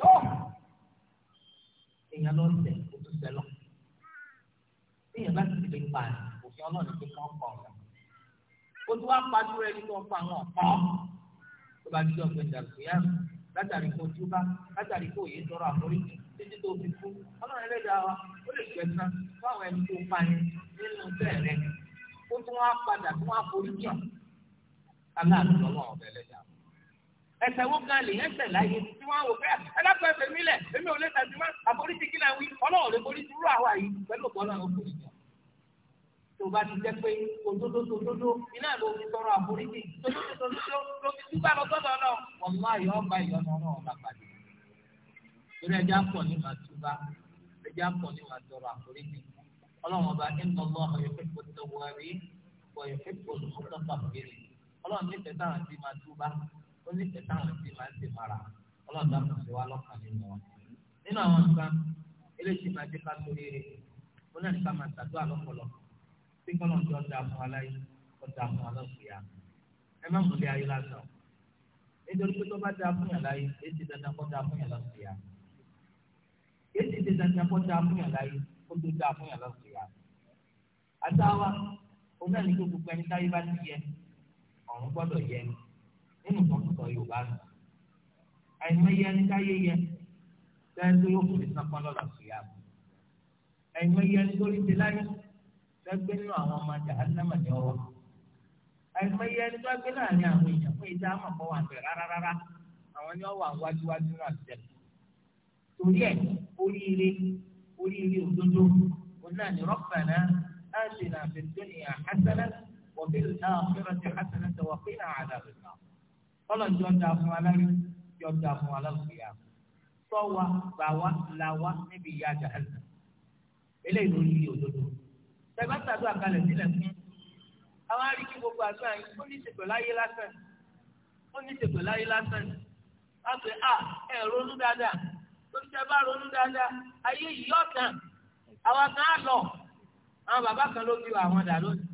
tó èèyàn ló ń tẹ̀ kó tó tẹ̀ lọ. Téèyàn bá ti lè pa òfin ọlọ́run pé kí wọ́n pa ọ̀gá. O tún wá pàdú rẹ ní kí wọ́n pa àwọn ọ̀pọ̀. Tó bá dídọ̀ pé ìdàgbé yá látàrí kó tú bá látàrí kó òye tọrọ àforíjì títí tó fi kú. Ọlọ́run ẹlẹ́dàá wa ó lè gbẹ̀sán fún àwọn ẹni tó pa yẹn nínú bẹ́ẹ̀ rẹ. O tún wá padà tún wá foríjì ọ̀ aláàbò lọ́wọ́ ọ̀bẹ ẹlẹ́dàá ẹsẹ̀ wo gan lè yẹn sẹ̀ láyé tí wọ́n á wò pé ah, ẹlẹ́kọ̀ọ́ ẹsẹ̀ mi lẹ̀ èmi ò lè tẹ̀sí mọ́ àforíjì kí náà wí ọlọ́run lè forí dúró àwa yìí pẹ̀lú ọ̀pọ̀ náà ó forí jà. tó o bá ti jẹ́ pé òdodo tòdodo iná ló fi tọrọ àforíjì tòdodo tòdodo ló fi túbà lọ sọ́dọ̀ náà wọ́n mú ayọ̀ ọba ìyọnu náà ọba pàdé. torí ẹja pọ̀ ní màá túbà ẹja pọ̀ ní ọlọ́run ọba inna ọlọ́run nífẹ̀ẹ́ sáà ti máa túbà ó ní kẹta àwọn tí máa ń tè mara ọlọ́dà kò sí wa lọ́kàn nínú wọn. nínú àwọn nǹkan eléyìí máa dé ká sórí rẹ̀ ó náà ní ká máa ṣàdúrà lọ́pọ̀lọpọ̀ tí kọ́lọ̀ ń jọ da fún aláì ó da fún aláìsíyá ẹ má múlẹ̀ ayé lásán nítorí pé tó bá da fún yàrá yìí èyí dandan kó da fún yàrá lọ́síyá èyí ti dandan kó da fún yàrá yìí kó tó da fún yàrá lọ́síyá àtàwa òun náà ní kó gbogbo ẹni táyé bá ti yẹ ọ̀run gbọ́dọ̀ yẹ ni nínú sọ̀tútọ̀ yorùbá nù àìmọye ẹni táyé yẹ sẹ́ńtò yóò fòlì sápọ́n lọ́la sùúyà àìmọye ẹni tó rí ti láyé sẹ́gbẹ́ nínú àwọn ọmọ ajá alámàjọ wa àìmọye ẹni tó gbé láàrin àwọn èèyàn fún ìdá àmọ̀pọ̀ wà bẹ̀ rárá rárá àwọn ni wọ́n wà wájúwájú náà tẹ̀ torí ẹ̀ oríire oríire òdodo náà ni rọ́pàná á ṣe nà fi dúnìyà náà fẹ́ràn ọlọ́njọ́ da fún alárí yọ da fún alákùnrin sọ́wa bàwa làwa níbi ìyá jahannam eléyìí ló ń yí òdodo tẹ̀gbọ́ntàdó àkàlẹ̀ sílẹ̀ fún àwọn aríkí gbogbo àgbà yìí ó ní ìṣègbè láyé lásán ó ní ìṣègbè láyé lásán láti à ẹ̀ ronú dáadáa lórí tẹ bá ronú dáadáa ayé yìí ọ̀tàn àwọn kan á lọ àwọn bàbá kan ló bí àwọn dà lónìí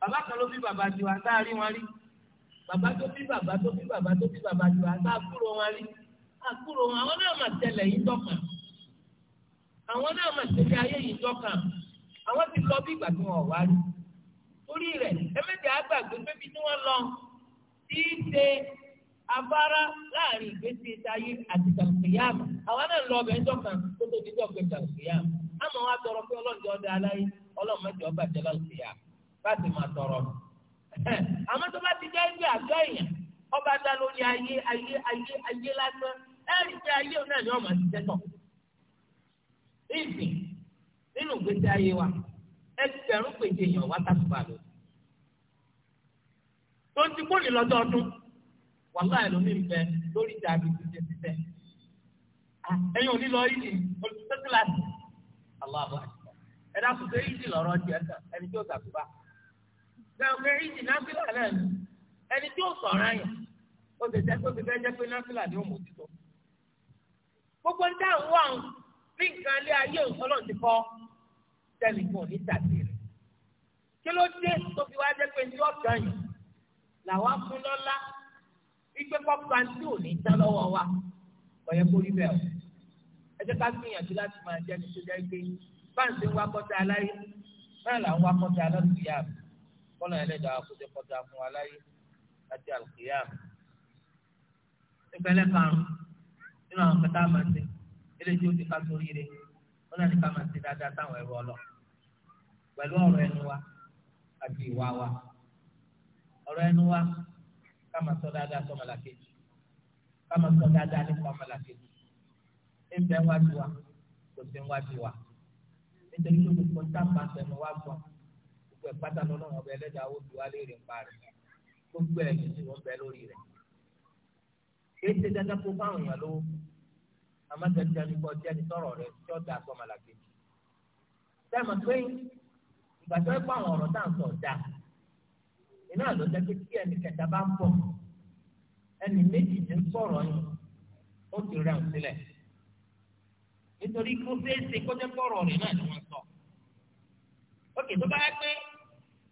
bàbá kan ló bí bàbá tiwa sáà rí wọn rí bàbá tó bí bàbá tó bí bàbá tó bí bàbá tó àti àkúrò wọn rí àkúrò wọn àwọn náà mà tẹlẹ yìí tọkàn àwọn náà mà tẹlẹ ayé yìí tọkàn àwọn ti lọ bí ìgbà tí wọn wá rí torí rẹ ẹmẹjẹ àgbàgbé pébi tí wọn lọ tí í ṣe afárá láàrin ìgbésí ayé àti tàǹkìyàmù àwọn náà lọ ọbẹ̀ ńjọkan tó tó dídọ̀ pé tàǹkìyàmù àmọ́ wọn á tọrọ pé ọlọ́ọ̀dẹ ọdẹ aláyé ọlọ́ọ̀mọdé ọbàjẹ́ lọ́ọ̀kìyàmù àmọ́ tó bá ti jẹ́ ibi àgọ́ èèyàn ọba ayé ayé ayé ayé lásán ẹ̀rí pé ayé náà ni ọmọ ti tẹ́tọ̀. ìsìn nínú ìgbésí ayé wa ẹgbẹ̀rún pèjì èèyàn wá tàṣùbà lọ. tó ti kórè lọ́dọọdún wàhálà ẹlòmí ń lórí ìjà àbí títẹ títẹ. ẹ̀yin ò ní lọ yìí olùsọ́sílàsì. aláàbọ̀ gbàgbé ìdí náfìlà náà ni ẹni tí ó sọ̀rọ̀ àyàn ó ti jẹ́ tó ti fẹ́ jẹ́ pé náfìlà ni ó mú títọ́. gbogbo ní táwọn wà ń bí nǹkan ilé ayé òṣèlú ti kọ́ tẹlifóònù ní tàbí rẹ̀ kí ló dé tó fi wá jẹ́ pé ní ọ̀sán yìí làwa fún lọ́lá wípé kọ́kọ́ tí ò ní tán lọ́wọ́ wa ọ̀yẹ́ kó bẹ́ẹ̀ o ẹ jẹ́ ká gbìyànjú láti máa jẹ́ ní sójà gbé báńsì ń wá kọ́ta aláyé báyìí ń wá kọ́ta alọ́sùn yá kọ́nà ẹlẹ́dàá kóso kọjá fún wa láyé àti àlùkìyà. ìpẹ́lẹ́ karùn-ún nínú àwọn kẹta máa ṣe eléyìí ó ti ká sórí rẹ̀ wọ́n náà ní ká máa ṣe dáadáa táwọn ẹ̀rọ ọlọ́ pẹ̀lú ọ̀rọ̀ ẹnu wa àti ìwà wa ọ̀rọ̀ ẹnu wa ká máa sọ dáadáa sọ mọ̀làkejì ká máa sọ dáadáa nípa mọ̀làkejì ìfẹ́ wájú wa kò sí wájú wa nítorí pé gbogbo táwọn àtẹnu gbọ́n gbogbo ẹ̀ pátá lọ́nà ọ̀bẹ ẹlẹ́dàá ó ju alẹ́ rẹ̀ ń parí gbogbo ẹ̀ ní ìwọ̀n bẹ lórí rẹ̀ kìí ṣe dandan kó fáwọn èèyàn lówó àmọ́ dandan ní kọ́ jẹ́ni tọrọ rẹ̀ tí ó da sọmọlá kejì sẹ́mi pé ìgbà tó ń pa àwọn ọ̀rọ̀ táà ń sọ̀ dà iná ló jẹ́ pé tí ẹnì kẹta bá ń bọ̀ ẹnì méjì ti ń sọ̀rọ̀ yìí ó ti rẹ̀ ń sílẹ̀ nítorí kó fẹ́ẹ́ ṣe kó jẹ́ tọrọ rẹ̀ náà ni wọ́n sọ. ó kì í tó bá yẹ pé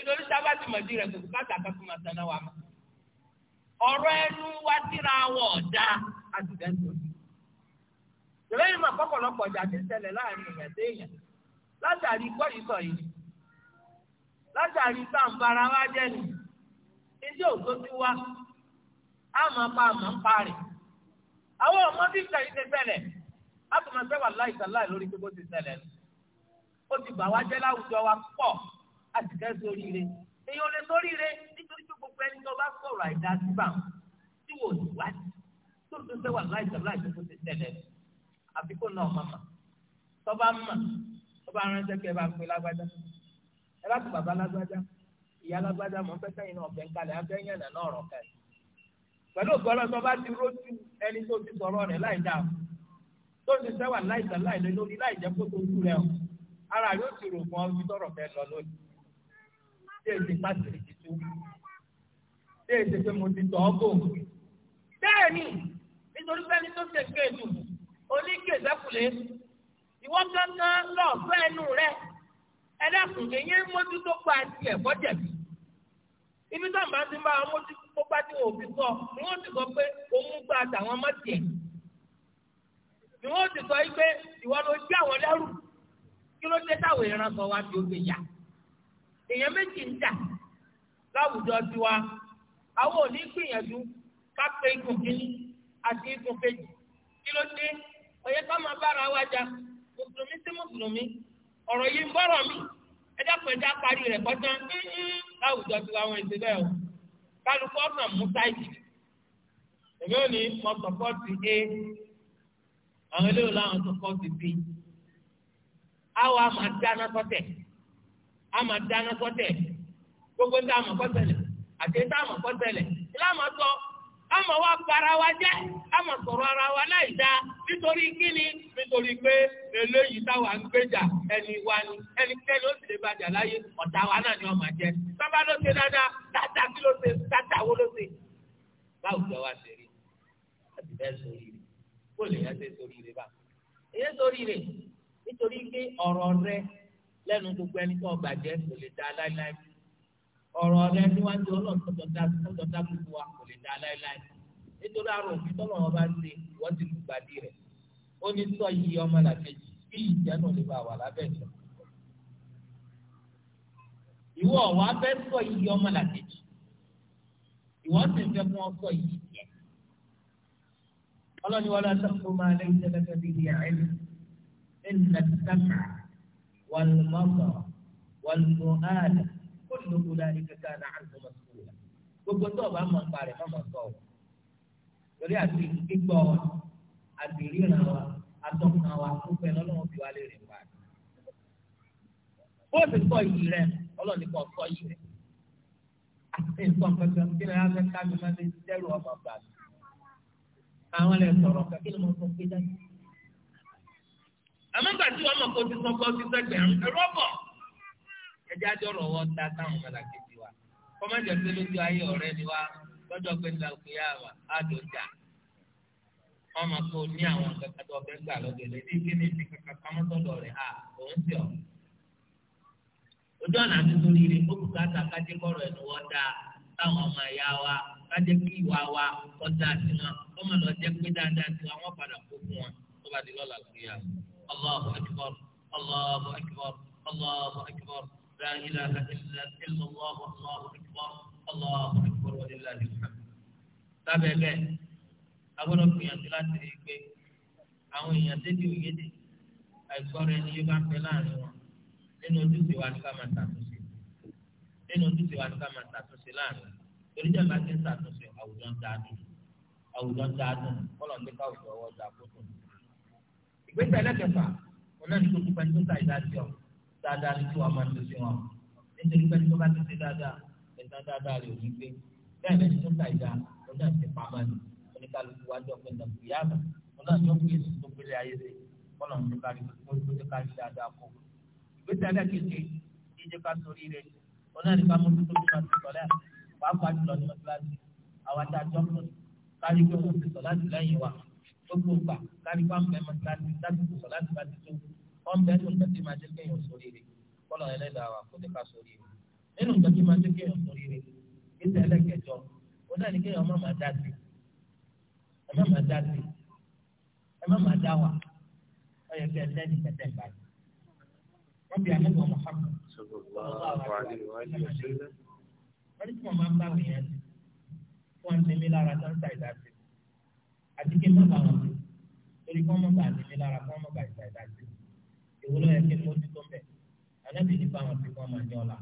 nítorí sábà ti mọ̀dí rẹ̀ kò bá tàkà fún wa ọ̀rọ̀ ẹnu wa síra wọ̀ ọ̀dà àtìdẹ́ntò. ìrẹ́ ọjà ti láàrin èèyàn látàrí yìí látàrí wa jẹ́ ni ilé òtó ti wá àmọ́ pa àmọ́ ń parí. àwọn ọmọ tí ìtàn yìí ti ṣẹlẹ̀ látùmọ̀ sẹ́wà láì lórí pé ti wá àti kẹ́ sóríire èyí ò lè sóríire nítorí pé gbogbo ẹni tó bá sọ̀rọ̀ àìdá sí bá wọn tí wò ní wá sí tó tó fẹ́ wà láì tẹ̀lé àti kó ti tẹ̀lé àfikún náà màmá tó bá mà tó bá ránṣẹ́ kẹ́ bá pè lágbájá ẹ bá pè bàbá lágbájá ìyá lágbájá mọ̀ fẹ́ sẹ́yìn náà ọ̀bẹ̀ ń kalẹ̀ abẹ́ yànnà náà ọ̀rọ̀ kalẹ̀ pẹ̀lú ògbọ́lọ́ tó bá ti rójú ẹni tó ti sọ̀rọ̀ rẹ̀ láì dáa tó ti sẹ́wà láì tẹ̀lé àìlélórí láì ṣé èsì pàṣẹ ti tú ṣé èsì pé mo ti tọ́ bò. bẹ́ẹ̀ni nítorí pé ẹni tó ṣe kéèdù oníkè sẹ́kùlé ìwọ gángan lọ́ọ̀fẹ́ ẹnu rẹ ẹlẹ́kùn èyí ń mójútó pa tiẹ̀ bọ́jẹ̀bì ibi tó ń bá ti ń bá wọn mójútó pa tí wọn ò fi sọ ni wọn ti sọ pé òun gba àtàwọn ọmọ tiẹ̀ ni wọn ti sọ yìí pé ìwọ ló jẹ́ àwọn lẹ́rù kí ló dé táwọn ìran sọ wá bí ó gbé èèyàn méjì ń jà láwùjọ tiwa àwọn ò ní gbìyànjú ká pé ikùn kínní àti ikùn kejì kí ló dé ó ká máa bára wa jà mùsùlùmí sí mùsùlùmí ọ̀rọ̀ yìí ń bọ̀rọ̀ mi ẹjá pé ẹjá parí rẹ̀ kọjá láwùjọ tiwa wọn èsì bẹ́ẹ̀ o kálukú ọ̀nà mú sáìtì èmi ò ní mọ sọpọ́ọ̀tì a àwọn eléyìí láwọn sọpọ́ọ̀tì b àwa máa dáná sọ́tẹ̀ a máa dáná sọ́tẹ̀ gbogbo ń dáná kọ́sẹ̀lẹ̀ àti ń dáná kọ́sẹ̀lẹ̀ ilé àmọ́ sọ àmọ́ wa para wa jẹ́ àmọ́ sọ̀rọ̀ ara wa láì dáa nítorí kíni nítorí pé eléyìí táwa ń gbèjà ẹni wa ni ẹnikẹ́ni ó sì lè bàjà láyé ọ̀tá wa náà ni ọmọ jẹ sábà ló ṣe dáadáa tata kí ló ṣe dáadáa wo ló ṣe báwo jọ wa ṣe rí láti bẹ́ẹ̀ sórí rẹ̀ kó lè yá ṣe sórí rẹ̀ bá èyí sórí rẹ̀ nítorí pé ọ̀rọ̀ rẹ̀ lẹ́nu gbogbo ẹni tó gbàjẹ́ kò lè dá láéláé ọ̀rọ̀ rẹ níwájú ọlọ́ọ̀tọ̀tọ̀ dá gbogbo wa kò lè dá láéláé nítorí àrùn òfin tọ́lọ̀ wọn bá ṣe wọ́n ti lùgbàdì rẹ̀ ó ní sọ yìí ọmọ làkejì bí ìjà náà lè bá wà lábẹ́ ìjọ ìwọ ọ̀wọ́ abẹ́ sọ yìí ọmọ làkejì ìwọ sì ń fẹ́ fún ọ sọ yìí yẹn ọlọ́ni wọlé ọ̀sán tó máa lẹ́yìn tẹ́lẹ̀ fẹ́ bí ilé ẹ̀ والمطر والفؤاد كل أولئك كان عنه مسؤولا gbogbo tó o bá mọ̀ nípa rẹ̀ mọ̀ sọ o torí àti gbígbọ́ wa àti ríran wa atọ́kùnrin wa gbogbo ẹ̀ lọ́lọ́wọ́ fi wá lè rìn pa rẹ̀. bó o ti sọ yìí rẹ ọlọ́ọ̀ni kan sọ yìí rẹ àti nǹkan kankan kí ni abẹ́ ká mi máa ń dẹ́rù ọmọ bàbá àwọn ẹ̀ sọ̀rọ̀ kankan kí ni mo sọ pé dájú àmọ́gbà tí wọ́n mọ̀ kó ti sọ́kọ́ ti sẹ́gbẹ̀rún rọ́bọ̀ ẹjẹ́ àjọrò wọn ta táwọn ọmọlàkejì wa kọ́mọ́jọ pé lójú ayé ọ̀rẹ́ ni wa lọ́jọ́ pé nígbà pé yá wa á lò dà wọ́n mọ̀ kó ní àwọn kankan tó ọbẹ̀ gbà lọ́dọ̀ rẹ̀ ní kí ni ti kankan pamọ́ sọ́dọ̀ rẹ̀ à òun sì ọ̀ ojú ọ̀nà tuntun rírì ó kù káta kájé kọ́rọ̀ ẹ̀nu wọ́n dá táwọn ọmọ ẹ̀yà wa kájé kí ìwà wa kọjá tiwọn ọmọ lọ jẹ́ pé dáadáa tiwọn wọ́n padà kó fún wọn tó bá di lọ́la pé الله أكبر الله أكبر الله أكبر لا إله إلا إلا الله الله أكبر الله أكبر ولله الحمد lábẹ́ bẹ́ẹ̀ agbọ́dọ̀ gbìyànjú láti rí i pé àwọn èèyàn dédé òyédè àìgbọ́ra ẹni yóò bá ń bẹ láàrin wọn nínú ojúṣe wa ní ká máa ṣàtúnṣe nínú ojúṣe wa ní ká máa ṣàtúnṣe láàrin torí jàmbá ti ń ṣàtúnṣe àwùjọ ń dáadùn àwùjọ ń dáadùn kọ́lọ̀ ń dé káwùjọ ọwọ́ dáa kó tó ìgbésẹ̀ ẹlẹ́kẹ̀fà ọlọ́ọ̀ni tó kú pẹ̀lú sáì dájú ọ dáadáa ní tí wọ́n máa ń tó sí wọn nítorí pẹ̀lú tó bá ti ṣe dáadáa ẹ̀dá dáadáa rẹ̀ ò ní gbé bẹ́ẹ̀ lẹ́ni tó sáì dá ọlọ́ọ̀ni ti pa máa ní oníkálukú wájú ọ̀pẹ̀ ìdàgbò yáàbà ọlọ́ọ̀ni ó kúlẹ̀ tó gbélé ayé ṣe ọlọ́ọ̀ni tó kárí tó tó kárí dáadáa kọ. ìgbésẹ̀ ẹlẹ́kẹ̀kẹ́ kárí wá pẹ́ mọ́ láti láti sọ láti bá ti tó wọ́n bẹ́ẹ̀ tó nǹkan tí máa jẹ́ kéèyàn sórí rẹ̀ kọ́lọ̀ ẹlẹ́dàá wa kó nípa sórí rẹ̀ nínú nǹkan tí máa jẹ́ kéèyàn sórí rẹ̀ ìtẹ̀ ẹlẹ́kẹjọ ó dà ní kéèyàn má máa dá sí ẹ má máa dá sí ẹ má máa Muhammad wọ́n ti mọ̀ máa ń bá wọ̀nyẹn wọ́n ti mi lára tó ń ta ìdásí àti kí torí kọ́ mọ́ba àtẹ̀mí lára kọ́ mọ́ba ìgbà ìgbà sí ìwúlò yẹ kí mo ti tó bẹ̀ ànábì ní báwọn ti kọ́ máa ní ọ̀la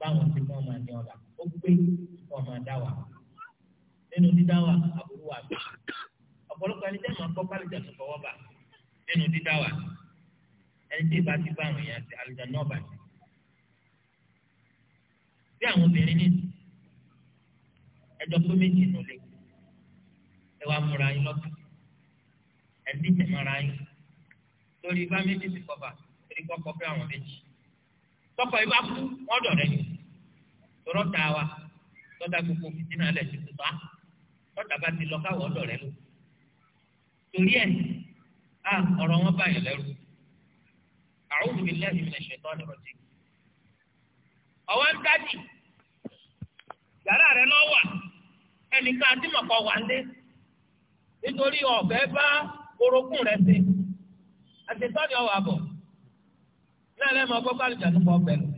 báwọn ti kọ́ máa ní ọ̀la ó pé kọ́ máa dá wa nínú dídá wa àbúrò wa gbà ọ̀pọ̀lọpọ̀ ẹni tẹ́ máa kọ́ pálíjà tó fọwọ́ bà nínú dídá wa ẹni tí ìbá ti bá àwọn èèyàn àti àlùjá náà bà sí. bí àwọn obìnrin ní ẹjọ́ pé méjì nù lè ẹ wá múra yín lọ́sàn ẹbí tẹmọra yín lórí bá méjì ti kọba torí kọkọ bí àwọn méjì tọkọ ibà kú wọn dọrẹ ni tọrọ ta wa tọta gbogbo fìdínà lẹ ti tuta tọta bá ti lọ káwọ dọrẹ lọ torí ẹ a ọ̀rọ̀ wọn bá yẹn lẹ́rù a'udhu billahi minash shaitanir rajim ọwọ ń dájì yàrá rẹ lọ wà ẹnìkan àti mọ̀kọ́ wà ń lé nítorí ọ̀bẹ bá orogún rẹ̀ sí àṣetọ́ni ọwọ́ àbọ̀ náà lẹ́mọ̀ ọgbọ́n bá lùjà nípa ọgbẹ́ lọ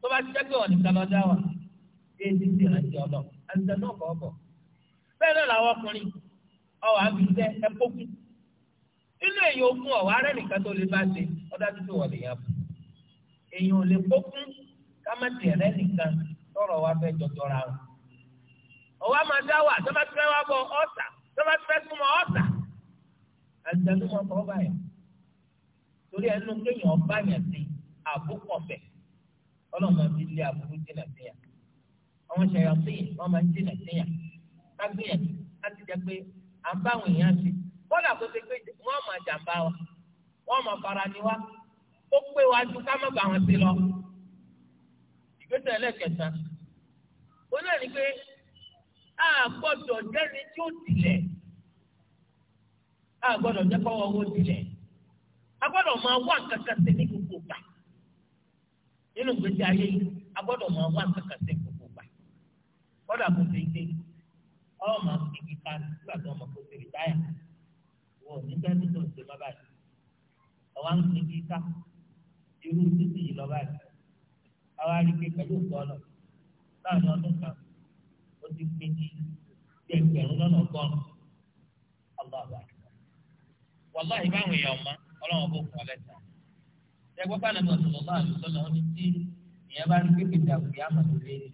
tó bá ti jẹ́ pé wọ́n nìkan lọ dá wà bí ebi ti rántí ọlọ àṣetọ́ náà kọ́ ọkọ̀ bẹ́ẹ̀ náà làwọn ọkùnrin ọwọ́ àbí iṣẹ́ ẹ̀kọ́kù nínú èyí ogún ọ̀wọ́ arẹ́ nìkan tó lè bá ṣe ọ̀dà tó ti wọ̀ lè yá bù èyàn ò lè kókún ká má tiẹ̀ rẹ́ nìkan tọ̀rọ̀ wa fẹ́ jọjọra wọn. ọ̀wá máa dá wà tọ́ba ti fẹ́ wá bọ̀ ọ̀sà àjálù wọn kọ́ báyà torí ẹnu kéèyàn báyàn sí àbúkọ̀ bẹ̀ ọlọ́mọ ti lé àbúrú jìnnà síyà àwọn ṣẹ̀yà síyà wọ́n máa ń jìnnà síyà kágbìyànjú láti jẹ́ pé à ń báwọn èèyàn sí bọ́dà kó ṣe pé wọ́n máa jàǹbá wa wọ́n máa fara ni wa ó pé wa ju ká má bà wọn sí lọ ìgbésẹ̀ ẹlẹ́kẹta ó náà ní pé a gbọ́dọ̀ tí ó tilẹ̀. a gbọdọ jẹ́ kọ́wọ́ owó tilẹ̀ a gbọ́dọ̀ máa wá kankan sí ní gbogbo gbà nínú gbèsè ayé yìí a gbọ́dọ̀ máa wá kankan sí gbogbo gbà kọ́dà kò ilé ọ̀rọ̀ máa fi igi nígbà tó ọmọ kò wọ nígbà tó tó ọwọ́ igi ká irú títí yìí pẹ̀lú láàrin ọdún kan ó ti pín ní ẹgbẹ̀rún lọ́nà ọgọ́rùn wàláhì báwọn èèyàn mọ ọlọ́run kò fún ọ lẹ́sàn-án. ṣé gbọ́dọ̀ nàbẹ̀ ọ̀sọ̀rọ̀ bá àlùsọ náà ní tí ìyẹn bá ní pépè dà kúrẹ́ àmọ̀ tó lé ní.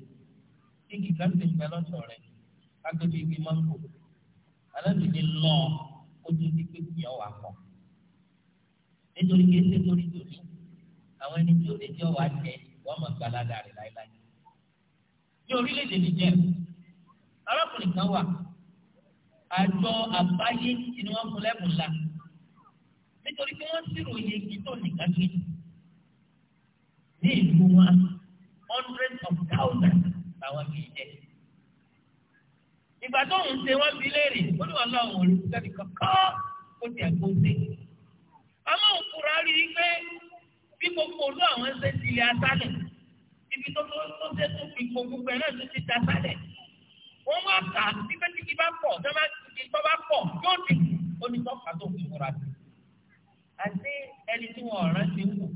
tí kì í ká ti pẹ́ lọ́sọ̀ rẹ̀ kágbébí igi mọ́tò alábì ní lọ ó ti di pé kì í ọ̀wà pọ̀. nítorí kí ẹsẹ̀ lórí tòní àwọn ẹni tí ò lè jẹ́ jẹ wọ́n mọ̀ gbalada rẹ̀ láíláí. ní orílẹ̀-èdè ni wọ́n nítorí pé wọ́n sì ròyìn igi tó nìkan gbé ní ìlú wa hundreds of thousands làwọn kì í jẹ. ìgbà tó ń ṣe wọ́n fi léèrè ó ní wọn lọ́wọ́ òun lórí kankan kó tiẹ̀ kó ṣe. àmọ́ òkúra rí i pé bí gbogbo olú àwọn ṣe ti lè aṣálẹ̀ ibi tó tó tó ṣe tó fi gbogbo ẹ̀ náà tó ti da aṣálẹ̀. wọ́n wá kà á bí bẹ́ẹ̀ tí kì bá pọ̀ tó bá pọ̀ yóò dì ó ní tọ́ka tó fi múra sí i àti ẹni tí wọn ọ̀ràn ti wù.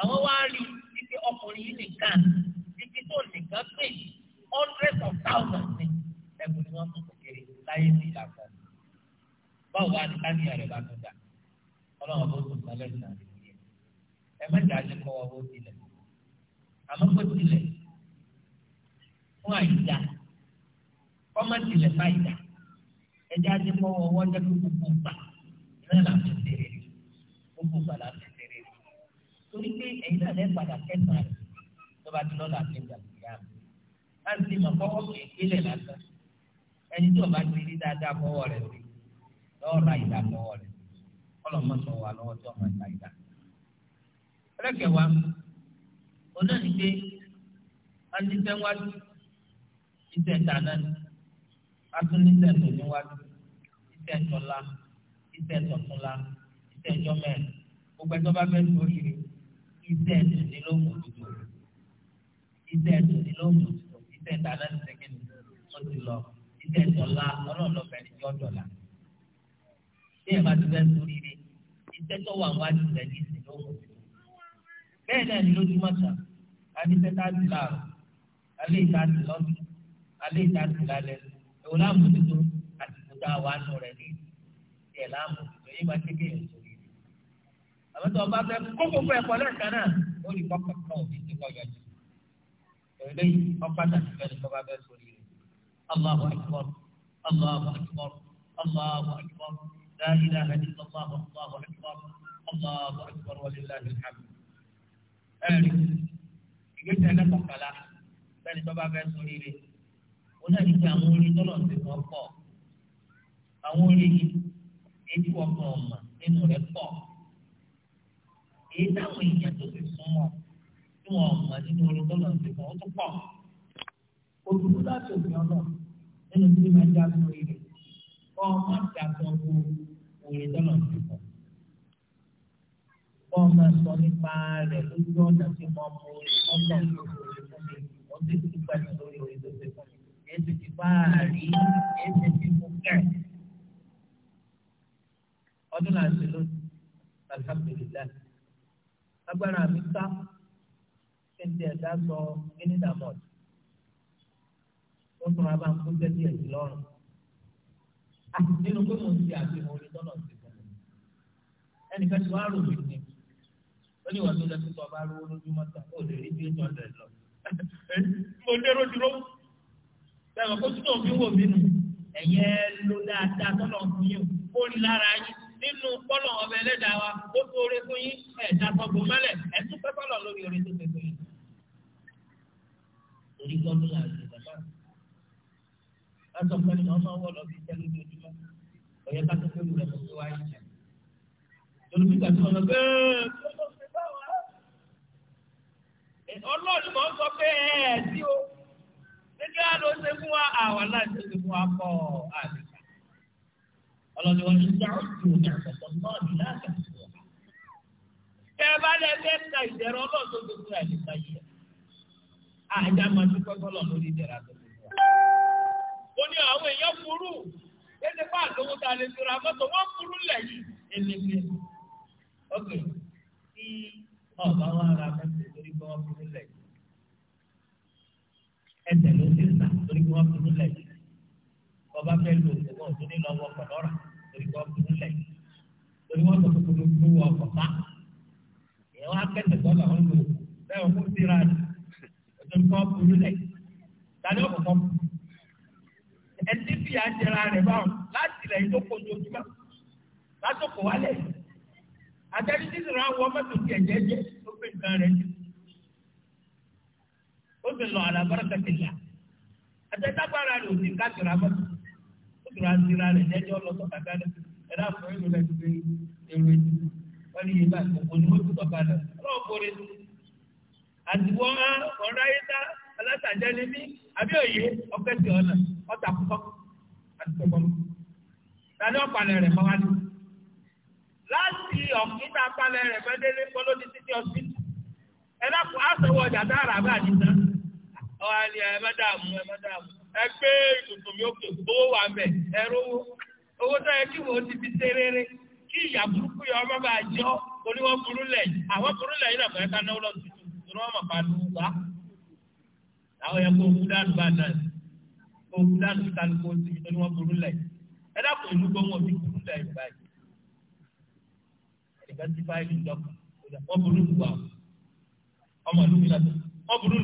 àwọn wá rí ibi ọkùnrin yìí nìkan ibi tó nìkan pè hundreds of thousands ní ẹ̀bùn ni wọ́n tún kò kéré láyé sí ìlànà. báwo wá ní káníyà rẹ̀ bá tún dà ọlọ́run bó tún sálẹ̀ sàn ní ìyẹn. ẹ mẹ́ta ti kọ́ owó tilẹ̀ àmọ́ kó tilẹ̀ fún àyíká kọ́mọ́ tilẹ̀ fún àyíká ẹ̀jẹ̀ ti kọ́ owó ọjọ́ tó gbogbo gbà náà là ń fi tèrè rí gbogbo gbà là ń fi tèrè rí torí pé ẹ̀yin náà lẹ́ẹ̀ padà kẹsàn-án rẹ̀ tó bá ti lọ́la àti ìgbàgbéyà mi láti ti mọ̀ kọ́kọ́ kì í kílẹ̀ lásán ẹni tí ọba ti rí dáadáa fọwọ́ rẹ̀ sí lọ́ọ́ ra ìdá fọwọ́ rẹ̀ ọlọ́mọ sọ wà lọ́wọ́ tí ọmọ ìta ìdá. ẹlẹ́kẹ̀wá onáni pé anditẹ́wájú ìtẹ̀ta náà atúnisẹ̀ tó níwájú ìtẹ̀tọ́lá iṣẹ́ tọ̀túnla iṣẹ́ ẹjọ́ mẹ́rin gbogbo ẹjọ́ bá fẹ́ sórí rẹ̀ iṣẹ́ ẹ̀tùní ló mú òdodo iṣẹ́ ẹ̀tùní ló mú òdodo iṣẹ́ ìdáná ti sẹ́kẹ̀ ní ó ti lọ iṣẹ́ ìtọ́lá ọlọ́run lọ́fẹ̀ẹ́ ní yọ dọ̀là bí ẹ̀ bá ti fẹ́ sórí rẹ̀ iṣẹ́ tó wà wá ti rẹ̀ ní ìsìn ló mú òdodo bẹ́ẹ̀ náà ni lójúmọ́ sàn alẹ́ tá a ti láàrọ̀ alẹ́ ìta ti lọ́sùn alẹ́ ìta ti lálẹ́ ìwòlá àmójútó àtìkù tá a wà nù rẹ̀ ní ìsìn tiẹ̀ láàmú tó yé máa kéke yẹn sórí rẹ̀. àwọn tó o bá fẹ́ kó gbogbo ẹ̀kọ́ lẹ́ẹ̀kan náà ó lè kọ́ kankan òbí tí kò yọjú. ìrẹ̀lẹ̀ yìí wọ́n pàtàkì fẹ́ni tó bá fẹ́ sórí rẹ̀. Allahu akbar Allahu akbar Allahu akbar la ilaha illallah Allahu akbar Allahu akbar walillahil hamd. ẹ̀rí ìgbésẹ̀ lẹ́kọ̀ọ́kàlá fẹ́ni tó bá fẹ́ sórí rẹ̀. ó náà ní etí ọgbọ́n ọ̀mà nínú rẹ̀ pọ̀ èyí táwọn èèyàn tó fi súnmọ́ tí wọn ọ̀mà nínú orin tó lọ sí wọn ó pọ̀ òdùkú láti òfin ọ̀nà nínú tí wọ́n já sórí rẹ̀ wọ́n má dàgbọ́ wo orin tó lọ sí wọn wọ́n sọ nípa rẹ̀ lójú ọ̀nà tí wọ́n mú ọ̀nà lórí orin fún mi wọ́n ti dúpẹ́ lórí orin tó ṣe fún mi èyí ti ti bá a rí èyí ti ti mú kẹ́ẹ̀ ọdún náà ṣe lónìí alhamdulilayi agbára mi ká ṣe ń tẹ ẹ̀dá sọ gínídà mọ́t ó tún abá ń kó jẹ́ díẹ̀ sí lọ́rùn ah, nínú pé mo ń ṣe àfihàn orin tọ́nà sí fún mi ẹnìkan tí wàá rò mí ó ní ìwọ̀n tó lọ sí tó ọba rówó lójúmọ́ tán ó lè rí bí ó jọ lẹ̀ lọ mo lérò dúró bẹ́ẹ̀ mọ̀ kó tún náà wò mí nù ẹ̀yẹ́ ló dáadáa tọ́nà fún yín ó rí lára yín nínú kọ́lọ̀ ọbẹ̀ ẹlẹ́dàá wa ó tó oore fún yín ẹ̀dá sọ́gun mẹ́lẹ̀ ẹ̀tún pẹ́ kọ́lọ̀ lórí oore tó fẹ́ fún yín. torí gbọ́dọ̀ là ń ṣe a lásán pẹ́lú ọmọ ọwọ́ lọ fi tẹ́lú lójúmọ́ ọ̀yẹ́ ká tó fẹ́rù rẹ̀ kó tó wáyé jẹ. lórí pípa tí ọ̀nà bẹ́ẹ̀ ọlọ́ọ̀ni mọ̀ ń sọ pé ẹ̀ẹ́dí o nígbà ló ṣe fún wa àwọn aláìsí ṣe fún wa pọ̀ àdìs ọlọ́ni wọn ní ìjà òjò ìjàpọ̀ náà ní láti ṣe wá. tẹ́ ẹ bá lẹ fẹ́ ka ìdẹ̀rọ ọlọ́dún tó kúrò àyíká yìí ẹ̀ àjà máa dúpẹ́ kọ́lọ̀ lórí ìdẹ̀rọ tó kúrò. ó ní àwọn èèyàn burú ẹni bá àdówó ta lè fi ra mọ́tò wọ́n burú lẹ̀ yìí ẹlẹ́gbẹ́. ok tí ọ̀gá wa ra mọ́tò torí pé burú lẹ̀ yìí bàbá fẹ́ lo òkú náà tó ní lọ́wọ́ kọ̀lọ́rà torí kọ́ fún lẹ̀ torí wọ́n sọ fún mi wọ ọ̀pá ìyẹn wọ́n akẹ́tẹ̀ gbọ́dọ̀ ọ̀hún lò bẹ́ẹ̀ òkú síra ni òtún kọ́ fún lẹ̀ tàbí ọ̀pọ̀ ẹtí fi àjẹrà rẹ̀ báwọn láti ilẹ̀ yìí tó kó ojoojúmọ́ látòkò wálẹ̀ àtẹ́rí títí ra wọ mọ́tò tiẹ̀ jẹ́jẹ́ ó fi nǹkan rẹ̀ jù ó fi lọ àlàbọ́rọ̀ kẹsìlá àtẹ́tàgbára rẹ̀ ò sì kájọra mọ́tò. tura tura rẹ̀ jẹ́jọ́ lọ sọ́kà gánà ẹ̀rọ àpò ìlú rẹ̀ gbé ewé wọ́n ní ibà gbogbo ní oṣù tọ́kadà ọlọ́wọ́ kórè àtiwọ́ ọ̀rọ̀ ayé dá alátàjẹ́ ni mí àbí òye ọ̀pẹ́ ti ọ̀nà ọ̀tà kọ́ àti tọ̀gbọ́n láti ọ̀kíta apalẹ̀ rẹ̀ kọ́ló ní títí á ẹgbẹ́ ìtùtùmí òkè owó wà mẹ́ ẹ̀rọ owó owó tó yẹ kí wọ́n ti fi ṣe rere kí ìyá burúkú yọ ọmọ bá jọ oníwọ́n burú lẹ̀ àwọn burú lẹ̀ yìí nàkọ́ ẹ̀ka náà lọ tuntun torí wọ́n mọ̀ pa ló wá àwọn yẹ kó kú dánù bá náà kó kú dánù bí kálukú ó ti fi oníwọ́n burú lẹ̀ ẹ dàpọ̀ ìlú gbọ́ wọn fi burú lẹ̀ báyìí ẹ̀ka ti fáìlì ìjọba wọ́n burú lù wá ọmọ ìlú mi lọ́tọ̀ wọ́n burú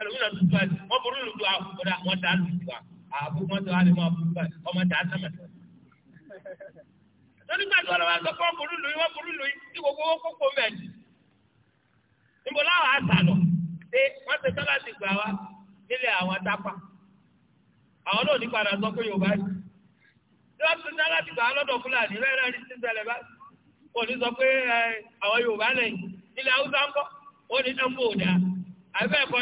ẹlòmínà tó tó àti wọn burú lùdú àkùkọdà wọn dà lù sí wa àbú mọtò àlè wọn burú báyìí ọmọ dà sàmà tó. lórí gbàdúrà lọ́wọ́ àgbà kan burú lùyìn wọn burú lùyìn tí gbogbo wọn kókó mẹ́ẹ̀dì. níbo láwọn àṣà lọ ṣé wọ́n ti tọ́lá ti gbà wá nílé àwọn tápà àwọn náà ní padà sọ pé Yorùbá yìí tí wọ́n ti tọ́lá ti gbà wá lọ́dọ̀ Fúlàní rẹ́rẹ́ rí sí ṣẹlẹ̀ bá wọ́n ní sọ pé àwọn Yorùbá lẹ́yìn nílẹ̀ Haúsá ń bọ̀ wọ́n ní sọ́ńbó òdà àbẹ́ẹ̀kọ́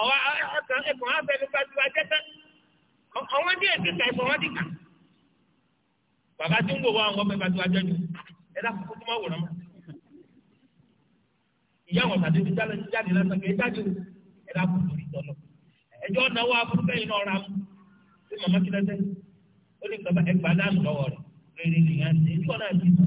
ọwọ́ ọkàn ẹ̀kọ́ afẹ́nu pàṣẹ ajẹ́ tán ọwọ́ díẹ̀ ti ka ẹ̀kọ́ wọn ti kà bàbá tí ń wò wá àwọn ọmọ ìbàdàn ajẹ́ jù ẹ dá kókó tó má wò lọ́mọ. ìyá àwọn ọ̀tàdé ti jáde ti jáde lásán kì í jáde o ẹ dá kókó tó rí tọ́lọ. ẹjọ́ náwó afúnfẹ́yìn náà ra mú sí màmá kí lẹ́sẹ̀ ó ní kaba ẹgbàá dánù lọ́wọ́ rẹ̀ rere nìyẹn ti ń tọ́ náà ti sọ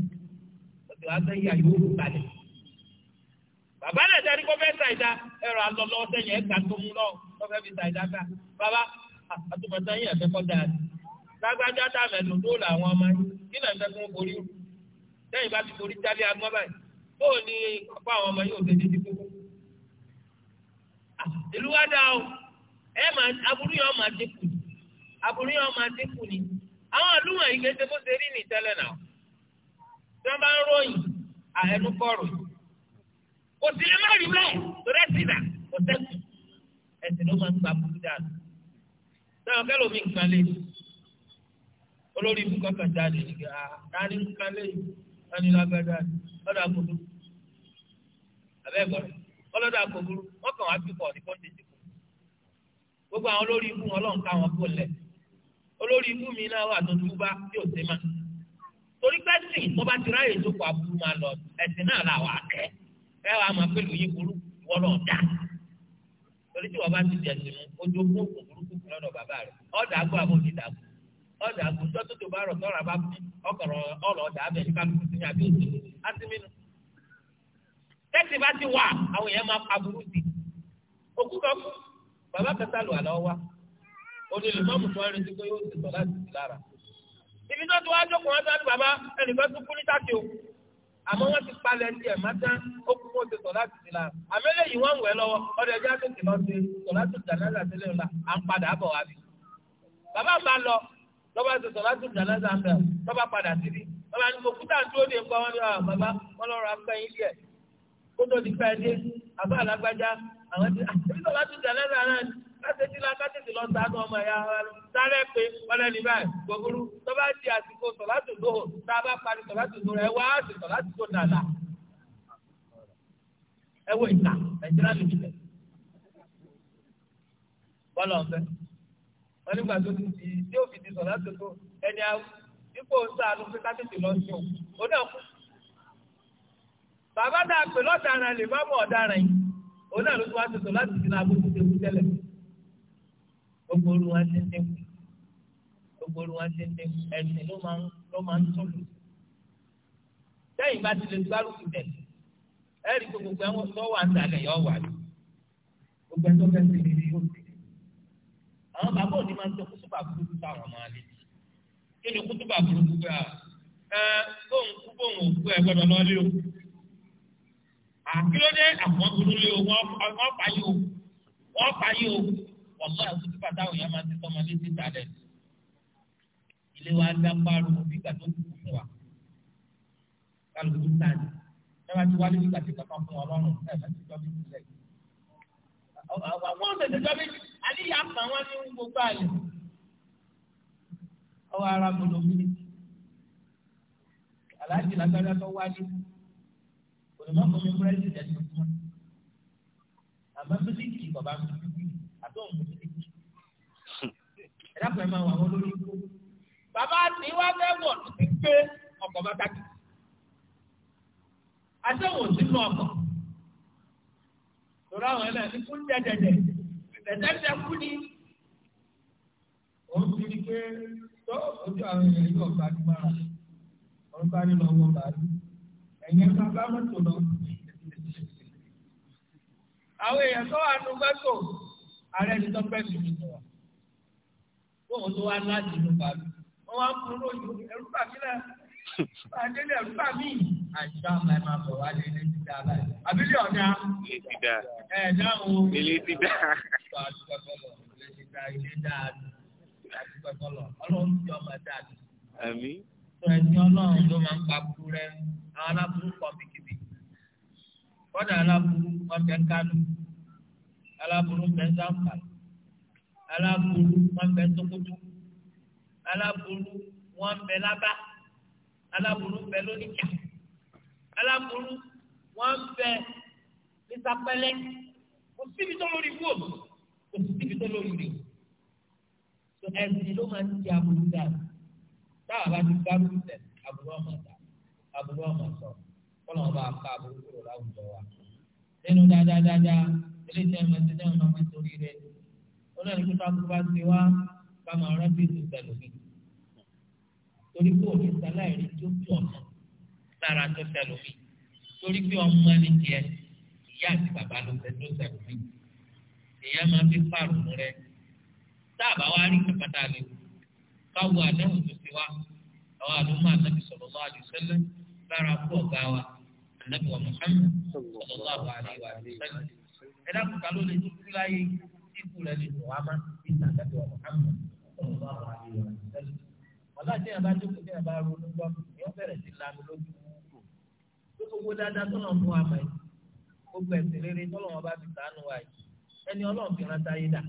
bàbá náà darí kó fẹ́ ṣàìdá ẹ̀rọ alọ́lọ́ sẹ́yìn ẹ̀ka tó mú lọ kó fẹ́ fi ṣàìdá ká bàbá àtúbọ̀tán yìí ẹ̀fẹ́ kọ́ dáa lágbájá tá a mẹ́nu tó là àwọn ọmọ yìí kí náà fẹ́ fún borí o lẹ́yìn bá ti borí jáde agbọ́n báyìí bóò ní ọ̀pọ̀ àwọn ọmọ yìí ò tẹ̀lé ti kókó. ìlú wa dá o ẹ máa aburú yẹn máa dínkù ni aburú yẹn máa dínkù ni àwọn àlùmọ̀ yìí kéde bó ṣe rí ní tẹ́lẹ̀ náà tí wọ́n bá ń ròyìn kò sí lè má rí bẹ́ẹ̀ torí ẹ̀sìn náà kò sẹ́kù ẹ̀sìn ló máa ń gbà burú dáadáa. sọ̀rọ̀ kẹ́lò mi nǹkan lé olórí ibùkọ́ ah, kan jáde nígbà tani nǹkan lé tani lágbádá lọ́dọ̀ àkókò abẹ́ gbọ́dọ̀ ọlọ́dọ̀ àkókò wọ́n kàn wá kíkọ́ ní pọ́ńtẹ́jì kù gbogbo àwọn olórí ibù wọn lọ́nkà wọn kò lẹ̀ olórí ibù mi náà wà tó túbá yóò ṣe má torí pẹ́sì tó bá ti ráyè tó kọ́ àbúrò máa lọ ẹ̀sìn náà làwọn àkẹ́ ẹ wàá máa pẹ̀lú yín burú wọ́lọ́ dá torí tí wọ́n bá ti jẹ̀sìn mu ojú ogún òkú burúkú lọ́dọ̀ bàbá rẹ̀ ọ̀dà àgọ́ àbọ̀ òdì dàgbù ọ̀dà àgọ́ tọ́tù tó bá rọ̀ tọ́ra bá kú ọkọ̀rọ̀ ọ̀lọ̀ ọ̀dà abẹ́ ní kálukú sí ní àbí òsèlú ásímínú. tẹ́sí bá ti wà àwọn èèyàn máa aburú sí òkú kan kú bàbá kẹta lù àlọ́ wa onílù mọ́mù tó ń retí pé yóò àmọ́ wọ́n ti palẹ̀ ní ẹ̀má tán ó kú kó ṣe sọ̀lá ti la àmẹ́lẹ̀ yìí wọ́n ń wẹ̀ lọ́wọ́ ọ̀dọ̀ ẹja tètè lọ sí sọ̀lá tó jànáza tẹ́lẹ̀ ńlá à ń padà bọ̀ wá bí. bàbá mi máa lọ lọ́ba ṣe sọ̀lá tó jànáza ń bẹ̀ lọ́ba padà sí ni bàbá ni mo dúró ní nǹkan ah, wọn ni bàbá wọn lọ́ọ́ ra pẹ́ díẹ̀ kó ti pẹ́ dé àbá alágbájá àwọn ti ah, látẹ̀tí la kátẹ̀tì lọ ọmọ ẹ̀yà sáré pé ọlẹ́ ní gbogbo di a bá parí sọ̀láṣù lóhùn ẹ wá sí sọ̀láṣù tó dàda ẹ wọ ìta nàìjíríà lè jùlẹ̀ bọ́lá ọ̀fẹ́ wọn nígbà tó ti di tí fi di tó ẹni àwọn ipò pé lọ sí ó kú bàbá lè yìí náà ló tún wá láti fi náà gbogbo orí wa ti dínkù gbogbo orí wa ti dínkù ẹ̀sìn ló máa ń ló máa ń tóbi sẹ́yìn bá ti lè gbárùkù tẹ̀ ẹ̀rí gbogbo ẹ̀wọ̀n tó wà ń dalẹ̀ yọ wà ní gbogbo ẹ̀ tó fẹ́ ti lè rí òkè àwọn bàbá òní máa ń tó kútùbà burúkú táwọn ọmọ alẹ́ kí ni kútùbà burúkú gbà ah, ẹ bóun kú bóun òkú ẹ gbọ́dọ̀ lọ lé o àkílódé àwọn burú lé o wọ́n pa yìí o wọ́n pa yìí o wàhálà àtúntò bàtà àwọn èèyàn máa ti sọmọ létí ìtàlẹ̀ ilé wa dá páàrọ̀ nígbà tó kù fún wa kálukú tààdì ẹ̀rọ àti wálé nígbà tí kankan fún ọlọ́run ẹ̀fẹ̀ ti jọ́ bí ìpínlẹ̀ àwọn ọ̀sẹ̀ tẹ̀jọ́ bí àníyá pa wọ́n ní gbogbo àlè ọwọ́ ara gbọdọ̀ mi aláàjì lágbára tó wálé òní má fún mi búrẹ́dì dẹ́nu fún mi àmọ́ bàbá mi fi kú àdúgbò mùsùlùmí. ẹ dákun ẹ máa wà wọn lórí ikú. bàbá tí wàá fẹ́ wọ̀ ló ti gbé ọkọ̀ bá tàkì. àtẹ̀wò sínú ọkọ̀. tòrọ àwọn ẹlẹ́ ní kún dẹ́dẹ́dẹ́ dẹ́dẹ́dẹ́ kú ni. òun ti di pé tó ojú àwọn èèyàn yóò bá dúró ara òun bá nílò ọwọ́ bàálù ẹ̀yẹn bá bá mọ́tò lọ. àwọn èèyàn tó wà nù mọ́tò ààrẹ ni tó fẹ́ mi tó wà bóun tó wá láti inú bàbí wọn wá fún lóyún ẹrú bàbí náà àdélé ẹrú bàbí àìsàn ọmọ ẹ máa bọ̀ wá lé ilé ti dáa báyìí àbílẹ̀ ọ̀dà ilé ti dáa ẹ̀ dáhùn ilé ti dáa ilé ti dáa ilé dáa àdúgbò ẹ̀fọ́lọ̀ ọlọ́run ti ọmọ ẹ̀ dáa. àmín. sọ ẹ̀sìn ọlọ́run ló máa ń pa kú rẹ àwọn aláburú kọ́ mi kìbì kọ́dà aláburú ọ̀tẹ̀ kánú aláburú bẹ́ẹ̀ sáǹfà aláburú wọn bẹ́ẹ̀ tókótó aláburú wọn bẹ́ẹ̀ lábá aláburú bẹ́ẹ̀ lóníjà aláburú wọn bẹ́ẹ̀ nísàpẹ́lẹ́ kò síbi tó lórí fún òbí kò síbi tó lórí so ẹ̀sìn ló máa ń di aburú dáa táwa bá ti gbárù tẹ̀ aburú ọmọ ta aburú ọmọ sọ kọ́nà ọba àká aburú kúrò láwùjọ wa nínú dáadáa dáadáa ilé tẹ́ ẹ̀ máa ti dáhùn máa torí rẹ̀ ọlọ́run tó bá kú bá ti wá bá máa rántí ìdúgbà lómi torí pé òfin sáláì rí tó tó ọ̀nà lára tó tẹ lómi torí pé ọmọ ẹni tiẹ̀ ìyá àti bàbá ló tẹ tó tẹ lómi ìyá máa fi pààrọ̀ rẹ̀ tá a bá rí kàkàtà lè káwọ àdéhùn tó ti wá àwọn àdúgbò àtàbí sọ̀rọ̀ lọ́wọ́ àdìsẹ́lẹ̀ lára kú ọ̀gá wa ànábì wa Muhammad sọ̀rọ̀ lọ́wọ́ àdìsẹ́lẹ̀ ẹ̀dá kùtà ló lè tó kú láyé tí ikú rẹ̀ lè tó wá má bí sàkàtọ̀ ọ̀hánmọ̀ ọ̀hánmọ̀ ọ̀hánmọ̀ ọ̀lá tí a bá jókòó tí a bá ronú gbọ́ ni ó bẹ̀rẹ̀ sí lanu lójú kúrò tó gbogbo dáadáa tọ́lọ̀ fún wa mọ̀ yìí gbogbo ẹ̀sìn rere tọ́lọ̀ wọn bá fi sànù wa yìí ẹni ọlọ́run fi rántá yé dà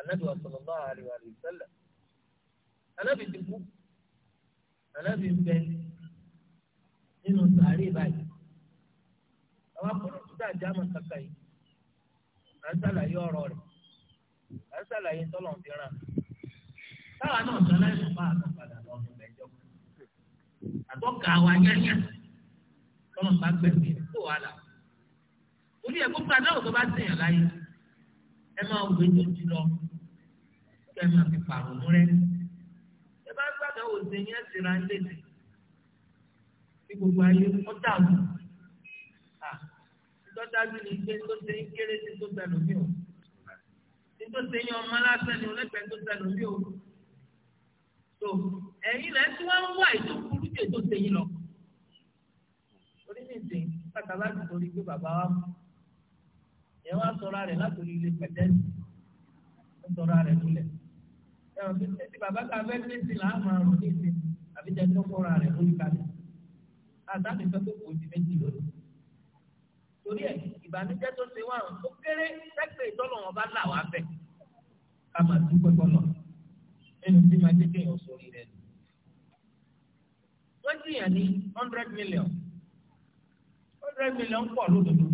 anabi sallallahu alaihi wa sallam anabi ti kú anabi bẹ nínú sàárè báyìí já àjámọ̀ kankan yìí à ń sàlàyé ọ̀rọ̀ rẹ̀ à ń sàlàyé tọ́lọ̀ fi ràn táwa náà sọ láìsàn bá àtọ̀ padà lọ ọdún mẹ́jọ àtọ́ka wa yányá tọ́lọ̀ bá gbẹ̀mí kó wa là orí ẹ̀kọ́ padà ọ̀dọ́ bá sèèyàn láyé ẹ máa wò ó tó ti lọ kí ẹ máa fi pàrọ̀mù rẹ ẹ bá gbàgbọ́ òsè yẹn síra létí bí gbogbo ayé ọ̀dà wù tọ́dájú ni pé tó ṣe ń kéré sí tó gbẹ lómi o ní tó ṣe yan ọmọ lásán ni olóògbé tó gbẹ lómi o tó ẹ̀yin náà tí wọ́n ń wá ètò burú jù tó ṣe yín lọ. orí mi sè pàtàkì láti torí pé bàbá wa mú ìyẹn wá sọ̀rọ̀ rẹ̀ látòrí ilé pẹ̀tẹ́sì ó sọ̀rọ̀ rẹ̀ lulẹ̀ ẹ̀wọ̀n fi tẹ́sí bàbá kan fẹ́ tẹ́sí là á máa rò ní ìsìn àbíjẹ́ tó kọ́ra rẹ̀ lórí kalẹ̀ àtàkùn ìfẹ́ tó kù ti méjì lónìí torí ẹ̀ ìbànújẹ́ tó ṣe wá ó kéré sẹ́pẹ̀ ìtọ́lọ̀ wọn bá là wá bẹ̀ ká máa dúpẹ́ bọ́lọ̀ ẹnu tí máa dé kéèyàn sórí rẹ̀ nù. wọ́n jìyàn ní hundred million hundred million pọ̀ lódodo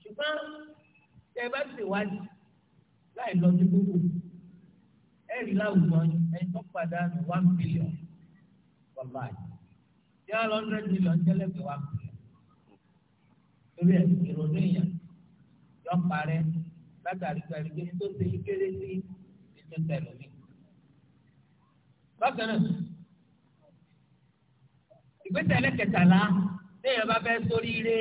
ṣùgbọ́n tẹ bá ṣèwádìí láì lọ sí gbogbo ẹ̀rí láwùjọ ẹni tó padà one billion wọ́n báyìí yálà hundred million jẹ́lẹ̀kẹ̀ one billion torí ẹ̀ ìrònú èèyàn yọ parẹ́ látàrí gbàrí pé tó ṣe yí kéré sí ètò tẹ̀lé mi. bákan náà ìgbésẹ̀ ẹlẹ́kẹtàlá téèyàn bá fẹ́ sórí ire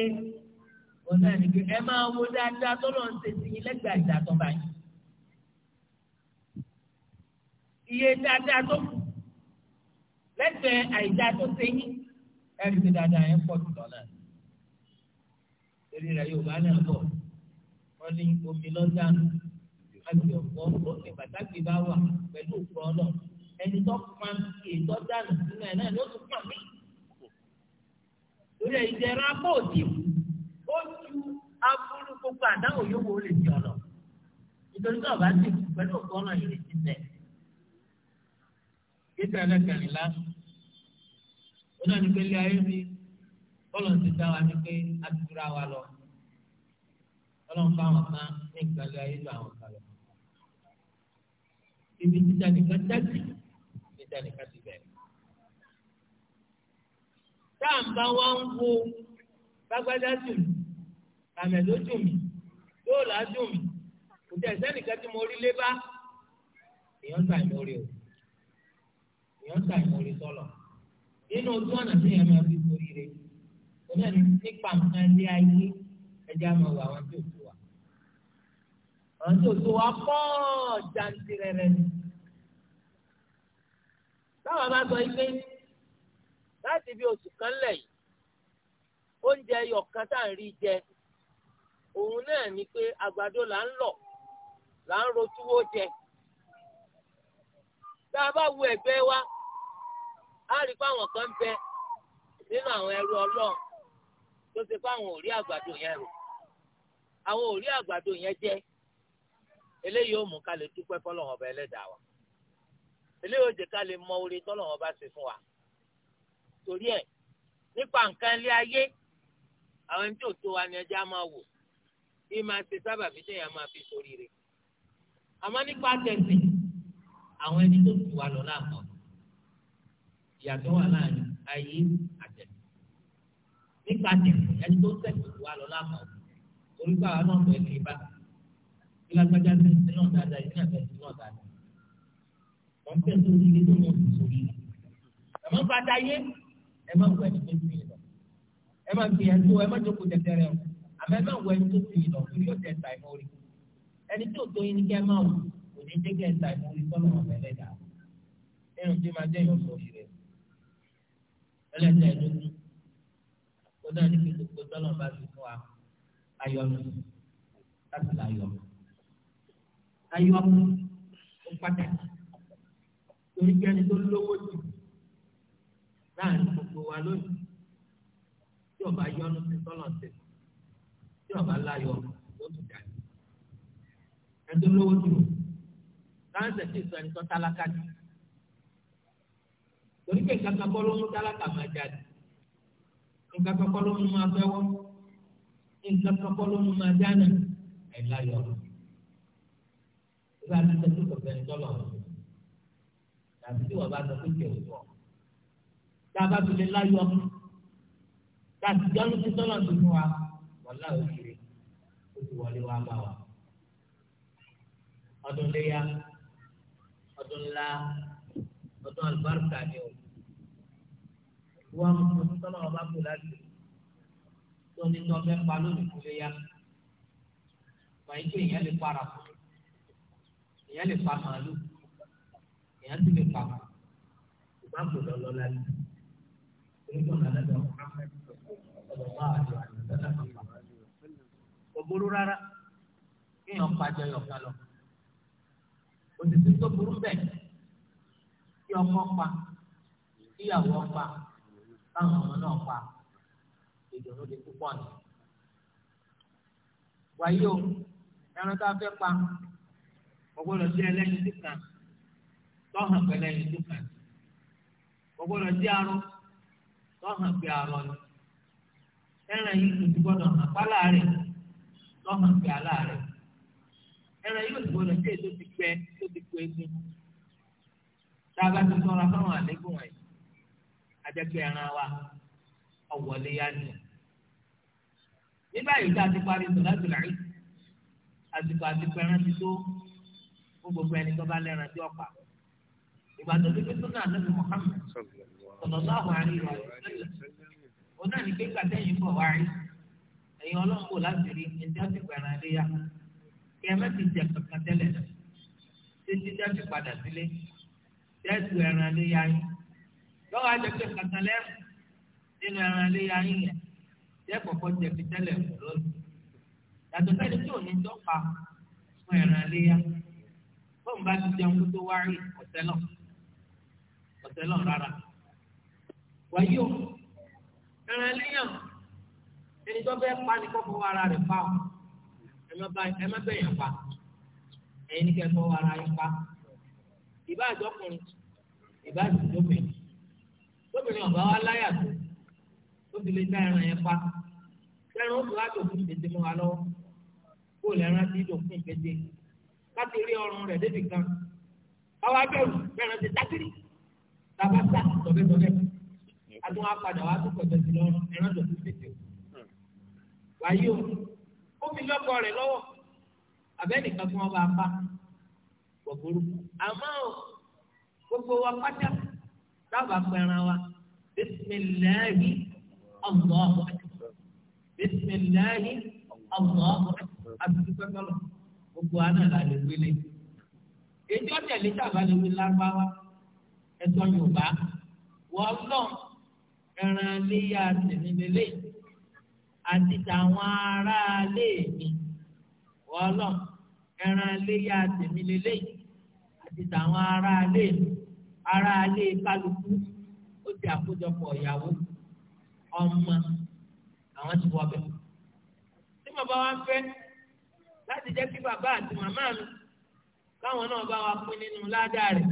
òun náà ní pé ẹ máa wo dáadáa tó lọ́n ṣe sí yín lẹ́gbẹ̀ẹ́ tó bá yín. iye dáadáa tó lẹ́gbẹ̀ẹ́ àìjà tó ṣe yín ẹ̀rí ti dáadáa yẹn pọ̀ jùlọ náà eré rẹ̀ yorùbá náà bọ̀ wọ́n ní omi lọ́jà àti ọ̀pọ̀ òní pàtàkì bá wà pẹ̀lú òkúrọ̀ náà ẹni tó pa ètò dànù nínú ẹ̀ náà ni ó tún pà mí. lórí ìjẹra bóòdì ó ju aburú gbogbo àdáhùn yòówó lè di ọ̀nà nítorí náà bá ti pẹ̀lú òkúrọ̀ náà yìí lè ti tẹ̀. kíkà ẹlẹ́kẹ̀rìnlá ó náà ní ayé mi bọ́lọ̀ ti dá wa ní pé a ti dúra wa lọ ọlọ́run bá wọn kan ní ìgbàlẹ̀ ayé lọ àwọn kan lọ. ibi títa nìkan dájú títa nìkan ti bẹ̀rẹ̀. táàmbá wa ń wo gbágbádá dùn mí àmẹ̀ló dùn mí dóòlà dùn mí kò tẹ̀ sẹ́nìkan tí mo rí lé bá èèyàn gbà ìmọ̀re o èèyàn gbà ìmọ̀re sọ̀lọ̀ nínú ojú ọ̀nà tí èèyàn máa fi forí rẹ̀ yìí náà nípa nǹkan ilé ayé ẹja máa wọ àwọn tó tó wa àwọn tó tó wa pọ̀ jantirẹrẹ ni táwọn bá sọ ife láti bí oṣù kan lẹ̀ yìí oúnjẹ yọ̀kan tá à ń rí jẹ òun náà ni pé àgbàdo là ń lọ̀ là ń ro jẹ tá a bá wo ẹgbẹ́ wa á rí i pé àwọn kan bẹ nínú àwọn ẹrú ọlọ́run tó ṣe pé àwọn ò rí àgbàdo yẹn rò àwọn ò rí àgbàdo yẹn jẹ eléyìí ó mú ká lè dúpẹ́ fọlọ́wọ́n ọba ẹlẹ́dàá wa eléyìí ó jẹ ká lè mọ orí tọ́lọ́wọ́n ọba ṣe fún wa torí ẹ̀ nípa nǹkan ilé ayé àwọn ẹni tó tó wa ni ẹjẹ́ á máa wò bí máa ṣe sábà fi téèyàn máa fi ṣoríire àmọ́ nípa tẹ̀sí àwọn ẹni tó tù wá lọ láàmú ìyàtọ̀ wà láàrin ayé nípa tẹ̀sí ẹni tó sẹ̀sì wà lọ láàmú torí pé àwọn náà bẹ̀ lè bá ìlàgbájá sẹ̀sì náà dáadáa ìdí náà sẹ̀sì náà dáadáa. wọ́n fẹ́ sórí ilé tó wọ́n sórí ilé. àmọ́ bàtà yé ẹ má wọ ẹni tó fi lọ ẹ má fi ẹni tó ẹ má jókòó tẹ̀tẹ̀ rẹ o àmọ́ ẹ má wọ ẹni tó fi lọ torí ọ̀tẹ̀ ẹ̀ta ẹ̀ mọ́rí. ẹni tó tó yín ní kẹ́ máa wò kò ní jẹ́ kẹ́ ẹ̀ta ẹ̀ mọ́rí sọ́nà náà ní kí gbogbo tọ́lọ̀ bá ti fún wa ayọ̀nù láti là yọ̀ ayọ̀nù ó pàtàkì torí kí ẹni tó lówó jù láàrin gbogbo wa lónìí tí ọba yọ̀nù ti tọ́lọ̀ sí tí ọba láyọ̀ ó ti dà ẹni tó lówó jù láǹtẹ̀ tí sọ ẹni tó tálákà jù torí kí nǹkan kan kọ́ ló mú tálákà máa jáde nǹkan kọ́kọ́ ló mú máa fẹ́ wọ́ nǹkan kọ́kọ́ ló mú máa dáná àìláyọ̀ ìgbà tí sọ fún kọ̀ọ̀kan ìjọba ọ̀hún tàbí tí wọ́n bá sọ fún kẹ̀wé pọ̀ tá a bá lè láyọ̀ tá a ti sí sọ́nà tó fún wa wọ́n láyọ̀ òkèrè ó ti wọlé wá bá wa ọdún léyà ọdún ńlá ọdún àlùbáríkà ni o wọ́n á mú ọdún tọ́lọ́ ọba kù láti tó ní tó fẹ́ pa lónìí kú léyà fàyíkó èèyàn lè para kù èèyàn lè pa màálù èèyàn sì lè pa kù ìgbà kù lọ́lọ́ láti onígbọ̀n náà lọ́dọ̀ ọ̀dọ̀ bá àjọ àjọ náà kà kò burú rárá kéèyàn pàjọ yọ̀ọ̀ká lọ òtítí tó burú bẹ́ẹ̀ kí ọkọ pa kíyàwó pa. táwọn ọmọ pa ìdùnnú di púpọ̀ o ẹran tá a fẹ́ pa ọgbọ́dọ̀ sí ẹlẹ́yin tó tọ́hàn pẹ̀lẹ́ ẹyin tó kàn ọgbọ́dọ̀ sí arọ tọ́hàn arọ ni ẹran yìí kò ti hàn pálá rẹ̀ tọ́hàn ẹran sí èso ti tó ti tá a bá ti ajẹ́pẹ́ ẹran wa ọ̀wọ́lé yá ni. ní báyìí tá a ti parí sọ̀láṣù láì àsìkò àsìkò ẹran ti tó fún gbogbo ẹni tó bá lẹ́ran tí ọ̀pá. ìbàdàn tó fi súnà lọ́sí Muhammad sallallahu alaihi wa sallam. ó náà ní pé gbàtẹ́yìn bọ̀ wá rí ẹ̀yin ọlọ́run kò láti rí ẹni tó ti gbẹ̀rẹ̀ lé yá. ti jẹ kankan tẹ́lẹ̀ títí tó ti padà sílé tẹ́sù ẹran lé yá lọ́wọ́ àjẹpẹ́ kankan lẹ́rù nínú ẹran ilé ayé yẹn jẹ́ kọ̀kọ́ jẹ̀bi tẹ́lẹ̀ kù lónìí yàtọ̀ sẹ́ni tí ò ní dọ́pa fún ẹran ilé yá fóun bá ti jẹun kó tó wá rí ọ̀sẹ̀ náà rárá wáyé o ẹran ilé ẹni tó bẹ́ẹ̀ pa ni kó fọwọ́ ara rẹ̀ pa o ẹ má bẹ́ẹ̀ yàn pa ẹ̀yin ní kẹ́ fọwọ́ ara yín pa ìbá àjọkùnrin ìbá àjọkùnrin lóbìnrin ọ̀gá wa láyà tó tó fi lè dá ẹran yẹn pa ẹran oṣù láti òkú ìgbésẹ̀ mọ́ wa lọ́wọ́ kó o lè ẹran ti dòkun ìgbésẹ̀ láti rí ọrùn rẹ̀ débi kan káwá bẹ̀rù bẹ̀rẹ̀ ti dákìrì tàbá sá tọ̀bẹ́tọ̀bẹ́ àtúnwá padà wá tó kọ̀tọ̀ sí lọ́rùn ẹran dòkun ìgbésẹ̀ wáyé o ó fi lọ́kọ rẹ̀ lọ́wọ́ àbẹ́nìkan tí wọ́n bá pa gbọ̀gbọ́rú àmọ́ gbogbo wa pátá sábà pẹran wa bisimilahi allahu akbar bisimilahi allahu akbar abidugbe kọlọ gbogbo àná la lè wele ètò tẹlẹ sábà lè wele lágbára ẹ̀tọ́ yorùbá wọn lọ ẹran léyà tẹnilélẹ àti tàwọn ará léèmí wọn lọ ẹran léyà tẹnilélẹ àti tàwọn ará léèmí ara alé kálukú ó ti àkójọpọ̀ ìyàwó ọmọ àwọn ti wọ bẹ̀. tí bàbá wa ń fẹ́ láti jẹ́ kí bàbá àti màmá mi káwọn náà bá wa pín nínú ládàá rẹ̀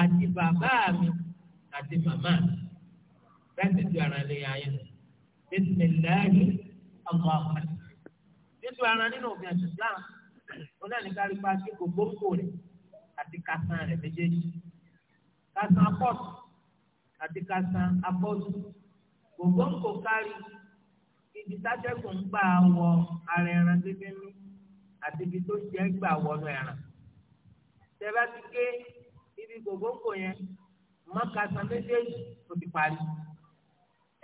àti bàbá mi àti màmá mi láti ju ara lè yá yẹn. bisimilahi ọgbà ọgbà. títú ara nínú òfin àti islam ó náà ní kárí pa sí gbogbo kò rẹ̀ àti kásán rẹ̀ méjèèjì kasan apọ́tù àti kasan apọ́tù gbòǹgbò kárí ibi tátẹ́gùn ń gbà wọ ara ẹran gẹ́gẹ́ ní àti ibi tó jẹ́ gbà wọnú ẹran tẹ́lá ti gé ibi gbòǹgbò yẹn mọ́ kasan méjèèjì tó ti parí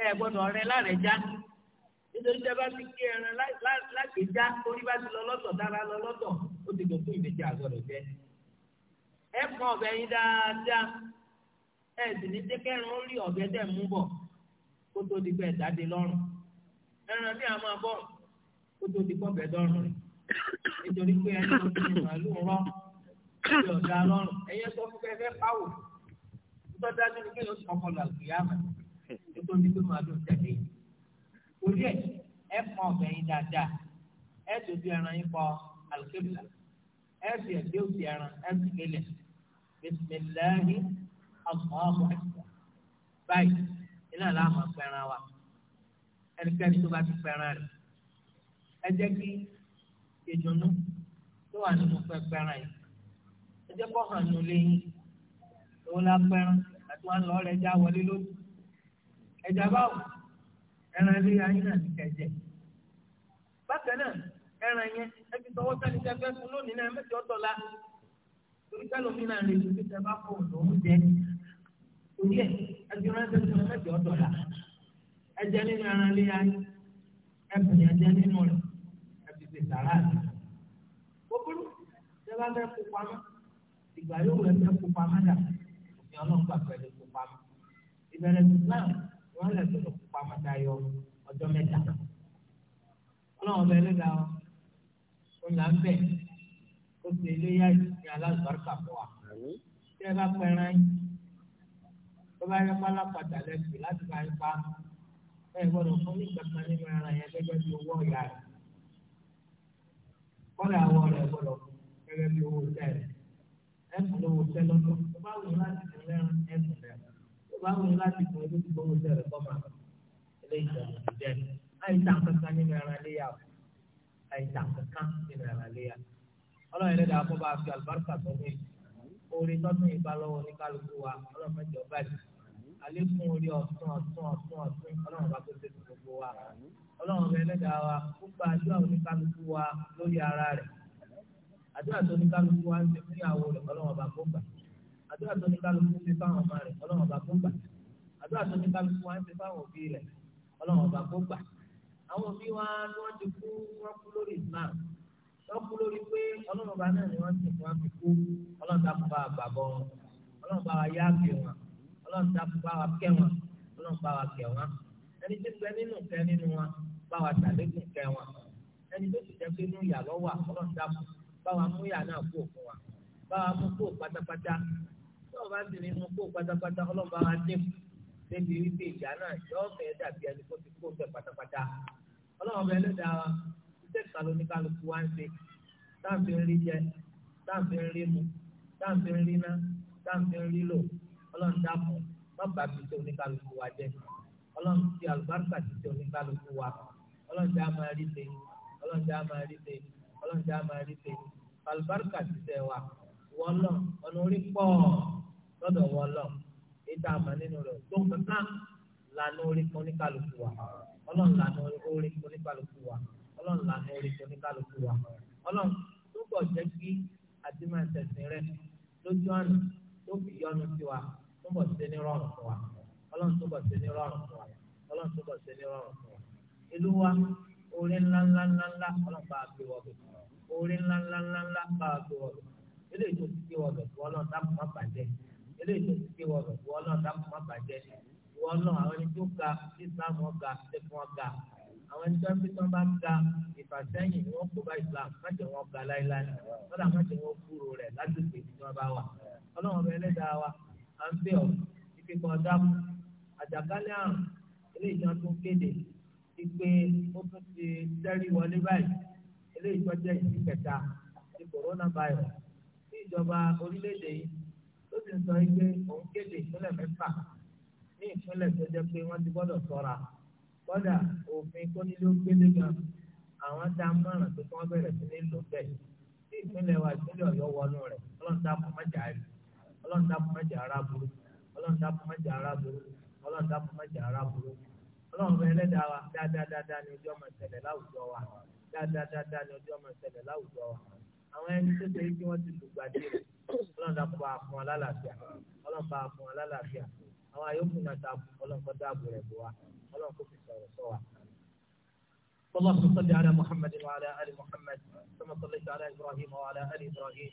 ẹ gbọ́dọ̀ rẹ lárẹ̀ já nítorí tẹ́ bá ti gé ẹran láti já orí bá ti lọ lọ́tọ̀ dára lọ lọ́tọ̀ ó ti dòkú ìdèjì àgọ́dọ̀ jẹ ẹ kàn ọ̀bẹ yín dáadáa ẹ sì ní jẹ́kẹ́rin ó rí ọ̀bẹ tẹ̀ mú bọ̀ kó tó di pẹ́ dáde lọ́rùn ẹran tí a máa bọ̀ kó tó di pọ́ bẹ̀ dọ́rùn rẹ̀ nítorí pé ẹni tó ti màálù rọ́ ẹ̀yẹ ọ̀dà lọ́rùn ẹ̀yẹ sọ fún fẹ́fẹ́ pàwò tó dájú ni pé o sọ ọkọ lọ kó tó di pé màálù tẹ̀lé orí ẹ̀ ẹ̀ pọ̀ ọ̀bẹ yín dáadáa ẹ̀ tó di ẹran yín pọ̀ àlùkébìlà ẹ̀ fi ẹ̀gbẹ́ òsì ẹran ẹ̀ sì lélẹ̀ bisimilahi. Allahu akbar báyìí iná láàmú pẹran wa ẹnikẹ́ni tó bá ti pẹran rẹ̀ ẹ jẹ́ kí ìdùnnú tó wà nínú pẹpẹran yìí ẹ jẹ́ kó hàn nù lẹ́yìn òun la pẹran àti wọn lọ rẹ já wọlé lójú ẹjà báwò ẹran ilé ayé náà ti kẹjẹ bákan náà ẹran yẹn ẹbí tọwọ́ sẹ́ni tẹ fẹ́ fún lónìí náà mẹ́jọ tọ la torí kálómi náà lè ju tẹ bá fọ òun torí ẹ ẹbí ránṣẹ́ tó ẹlẹsẹ ọdọ la ẹjẹ nínú ẹran lé ayé ẹbùn ẹjẹ nínú rẹ ẹbí ti sàrà rẹ gbogbo ìjọba fẹẹ kó pamọ́ ìgbà yóò rẹ fẹẹ kó pamọ́ dà òfin ọlọ́pàá pẹ̀lú kó pamọ́ ìbẹ̀rẹ̀ islam wọn lè gbọ́dọ̀ kó pamọ́ dayọ ọjọ́ mẹ́ta Ọlọ́run ọbẹ ẹlẹgà ọ ọ là ń bẹ ó ti ilé yá ìsìn alágbàrúkà fún wa tí ẹ bá pẹran yìí bọ́bá yẹ kpala padà lẹ́sìn láti bá yẹ pa ẹ gbọ́dọ̀ fún ní kankan nínú ẹran yẹn gẹ́gẹ́ bí owó ọ̀yà rẹ̀ kọ́lá àwọ̀ rẹ̀ gbọ́dọ̀ gẹ́gẹ́ bí owó tẹ̀ rẹ̀ ẹ̀sùn lówó tẹ̀ lọ́dún tó bá wù láti fún lẹ́rìn ẹ̀sùn rẹ̀ tó bá wù láti fún ẹbí tó owó tẹ̀ rẹ̀ kọ́ máa ilé ìjọba ti jẹ́ láì tà kankan nínú ẹran léyà o láì tà kankan nínú ẹran léyà ọlọ́run ẹ̀rẹ́dàá kó bá fi àlùbáríkà tó ní ìlú orí tọ́tún ìgbà lọ́wọ́ ní kálukú wa ọlọ́run mẹ́jọ báyìí àlékún orí ọ̀tún ọ̀tún ọ̀tún ọ̀tún ọlọ́run bá pèsè fún gbogbo wa ọlọ́run ọ̀bẹ ẹlẹ́dàá wa ó gba àdúrà oníkálukú wa lórí ara rẹ̀ àdúrà tó oníkálukú wa ń ṣe fún ìyàwó rẹ̀ ọlọ́run ọba kó gbà àdúrà tó oníkálukú ń ṣe fáwọn ọmọ rẹ̀ ọlọ́run ọba kó gbà àdúrà tó oníkálukú wa ń ṣe fáwọn òbí rẹ̀ ọlọ́run ọba kó gbà àwọn òbí wa ni wọ́n ti kú wọ́n kú lórí Islam wọ́n kú lórí pé ọlọ́run bá náà ni wọ́n ti wọ́n fi kú ọlọ́run tá kú bá wa gbàgbọ́ wọn ọlọ́run bá wa yá gbé wọn ọlọ́run tá kú bá wa kẹ́ wọn ọlọ́run bá wa kẹ́ wọn ẹni tó fẹ́ nínú kẹ́ nínú wọn bá wa tàlékùn kẹ́ wọn ẹni tó ti jẹ́ pé inú ìyàwó wà ọlọ́run tá kú bá wa mú ìyà náà kú òkun wa bá wa mú kó pátápátá tó o bá ti rí mú kó pátápátá ọlọ́run bá wa dínkù débi wípé ìjà náà tẹ̀ka lóníkálukú wá ń ṣe táǹfì ń rí jẹ táǹfì ń rí mu táǹfì ń rí ná táǹfì ń rí lò ọlọ́run dákun mọ́ba fi ṣe oníkálukú wa jẹ ọlọ́run ti àlùbáríkà ti ṣe oníkálukú wa ọlọ́run já máa rí ṣe ọlọ́run já máa rí ṣe ọlọ́run já máa rí ṣe àlùbáríkà ti ṣe wa wọlọ ọ̀nà orí pọ̀ lọ́dọ̀ wọlọ ìta àmà nínú rẹ̀ tó kankan lànà orí kan oníkálukú wa ọlọ́run lànà orí kan oníkálukú wa ọlọ́run là ń rí tóní kálukú wa ọlọ́run túbọ̀ jẹ́ kí àti máa tẹ̀sìn rẹ lójú ọ̀nà tó fi yọnu sí wa túbọ̀ sí ní rọrùn fún wa ọlọ́run túbọ̀ sí ní rọrùn fún wa ọlọ́run túbọ̀ sí ní rọrùn fún wa ìlú wa orí ńláńláńláńlá ọlọ́run bá a gbé wọ̀ bẹ̀ orí ńláńláńláńlá bá a gbé wọ̀ bẹ̀ eléyìí tó ti gbé wọ̀ bẹ̀ fún ọlọ́run dákun má bàjẹ́ eléyìí tó ti gbé wọ̀ bẹ̀ fún ọlọ́run dákun má bàjẹ́ ìwọ ọlọ́run àwọn ẹni tó ga àwọn ẹni tó ń bí tán bá ń ga ìfàsẹ́yìn ni wọ́n kó bá islam má jẹ́ wọn ga láéláé wọ́n dà má jẹ́ wọn kúrò rẹ̀ lásìkò ìdí tí wọ́n bá wà ọlọ́run ọba ẹlẹ́dàá wa à ń bẹ̀ ọ́ fífi kan dákú àjàkálẹ̀ àrùn eléyìí tán tún kéde ti pé ó tún ti tẹ́rí wọlé báyìí eléyìí tó jẹ́ ìdí kẹta ti corona virus tí ìjọba orílẹ̀-èdè yìí ló ti sọ pé òun kéde ìpínlẹ̀ mẹ́fà ní ìpínlẹ̀ tó jẹ́ pé wọ́n ti gbọ́dọ̀ ṣọ́ra kódà òfin kónílé gbélé ga àwọn tá a mọ̀ràn pé kí bẹ̀rẹ̀ sí ní lò bẹ́ẹ̀ tí ìpínlẹ̀ wa ìpínlẹ̀ ọ̀yọ́ wọnú rẹ̀ ọlọ́ọ̀dà dáadáa ọmọ ìṣẹ̀lẹ̀ láwùjọ wa àwọn ẹni tó ṣe kí اللهم صل على محمد وعلى ال محمد كما صليت على ابراهيم وعلى ال ابراهيم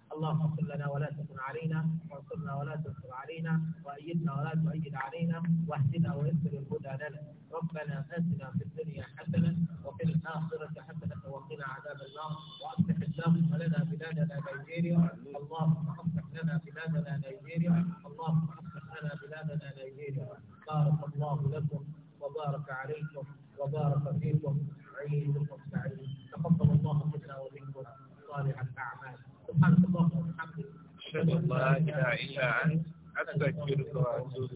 اللهم اغفر لنا ولا تكن علينا وانصرنا ولا تنصر علينا وأيدنا ولا تؤيد علينا واهدنا ويسر الهدى لنا ربنا آتنا في الدنيا حسنة وفي الآخرة حسنة وقنا عذاب النار وأصلح اللهم لنا بلادنا نيجيريا اللهم أصلح لنا بلادنا نيجيريا اللهم أصلح لنا بلادنا نيجيريا بارك الله لكم وبارك عليكم وبارك فيكم عيدكم سعيد تقبل الله منا ومنكم صالح الأعمال سبحانك اللهم وبحمدك أشهد أن لا أستغفرك وأتوب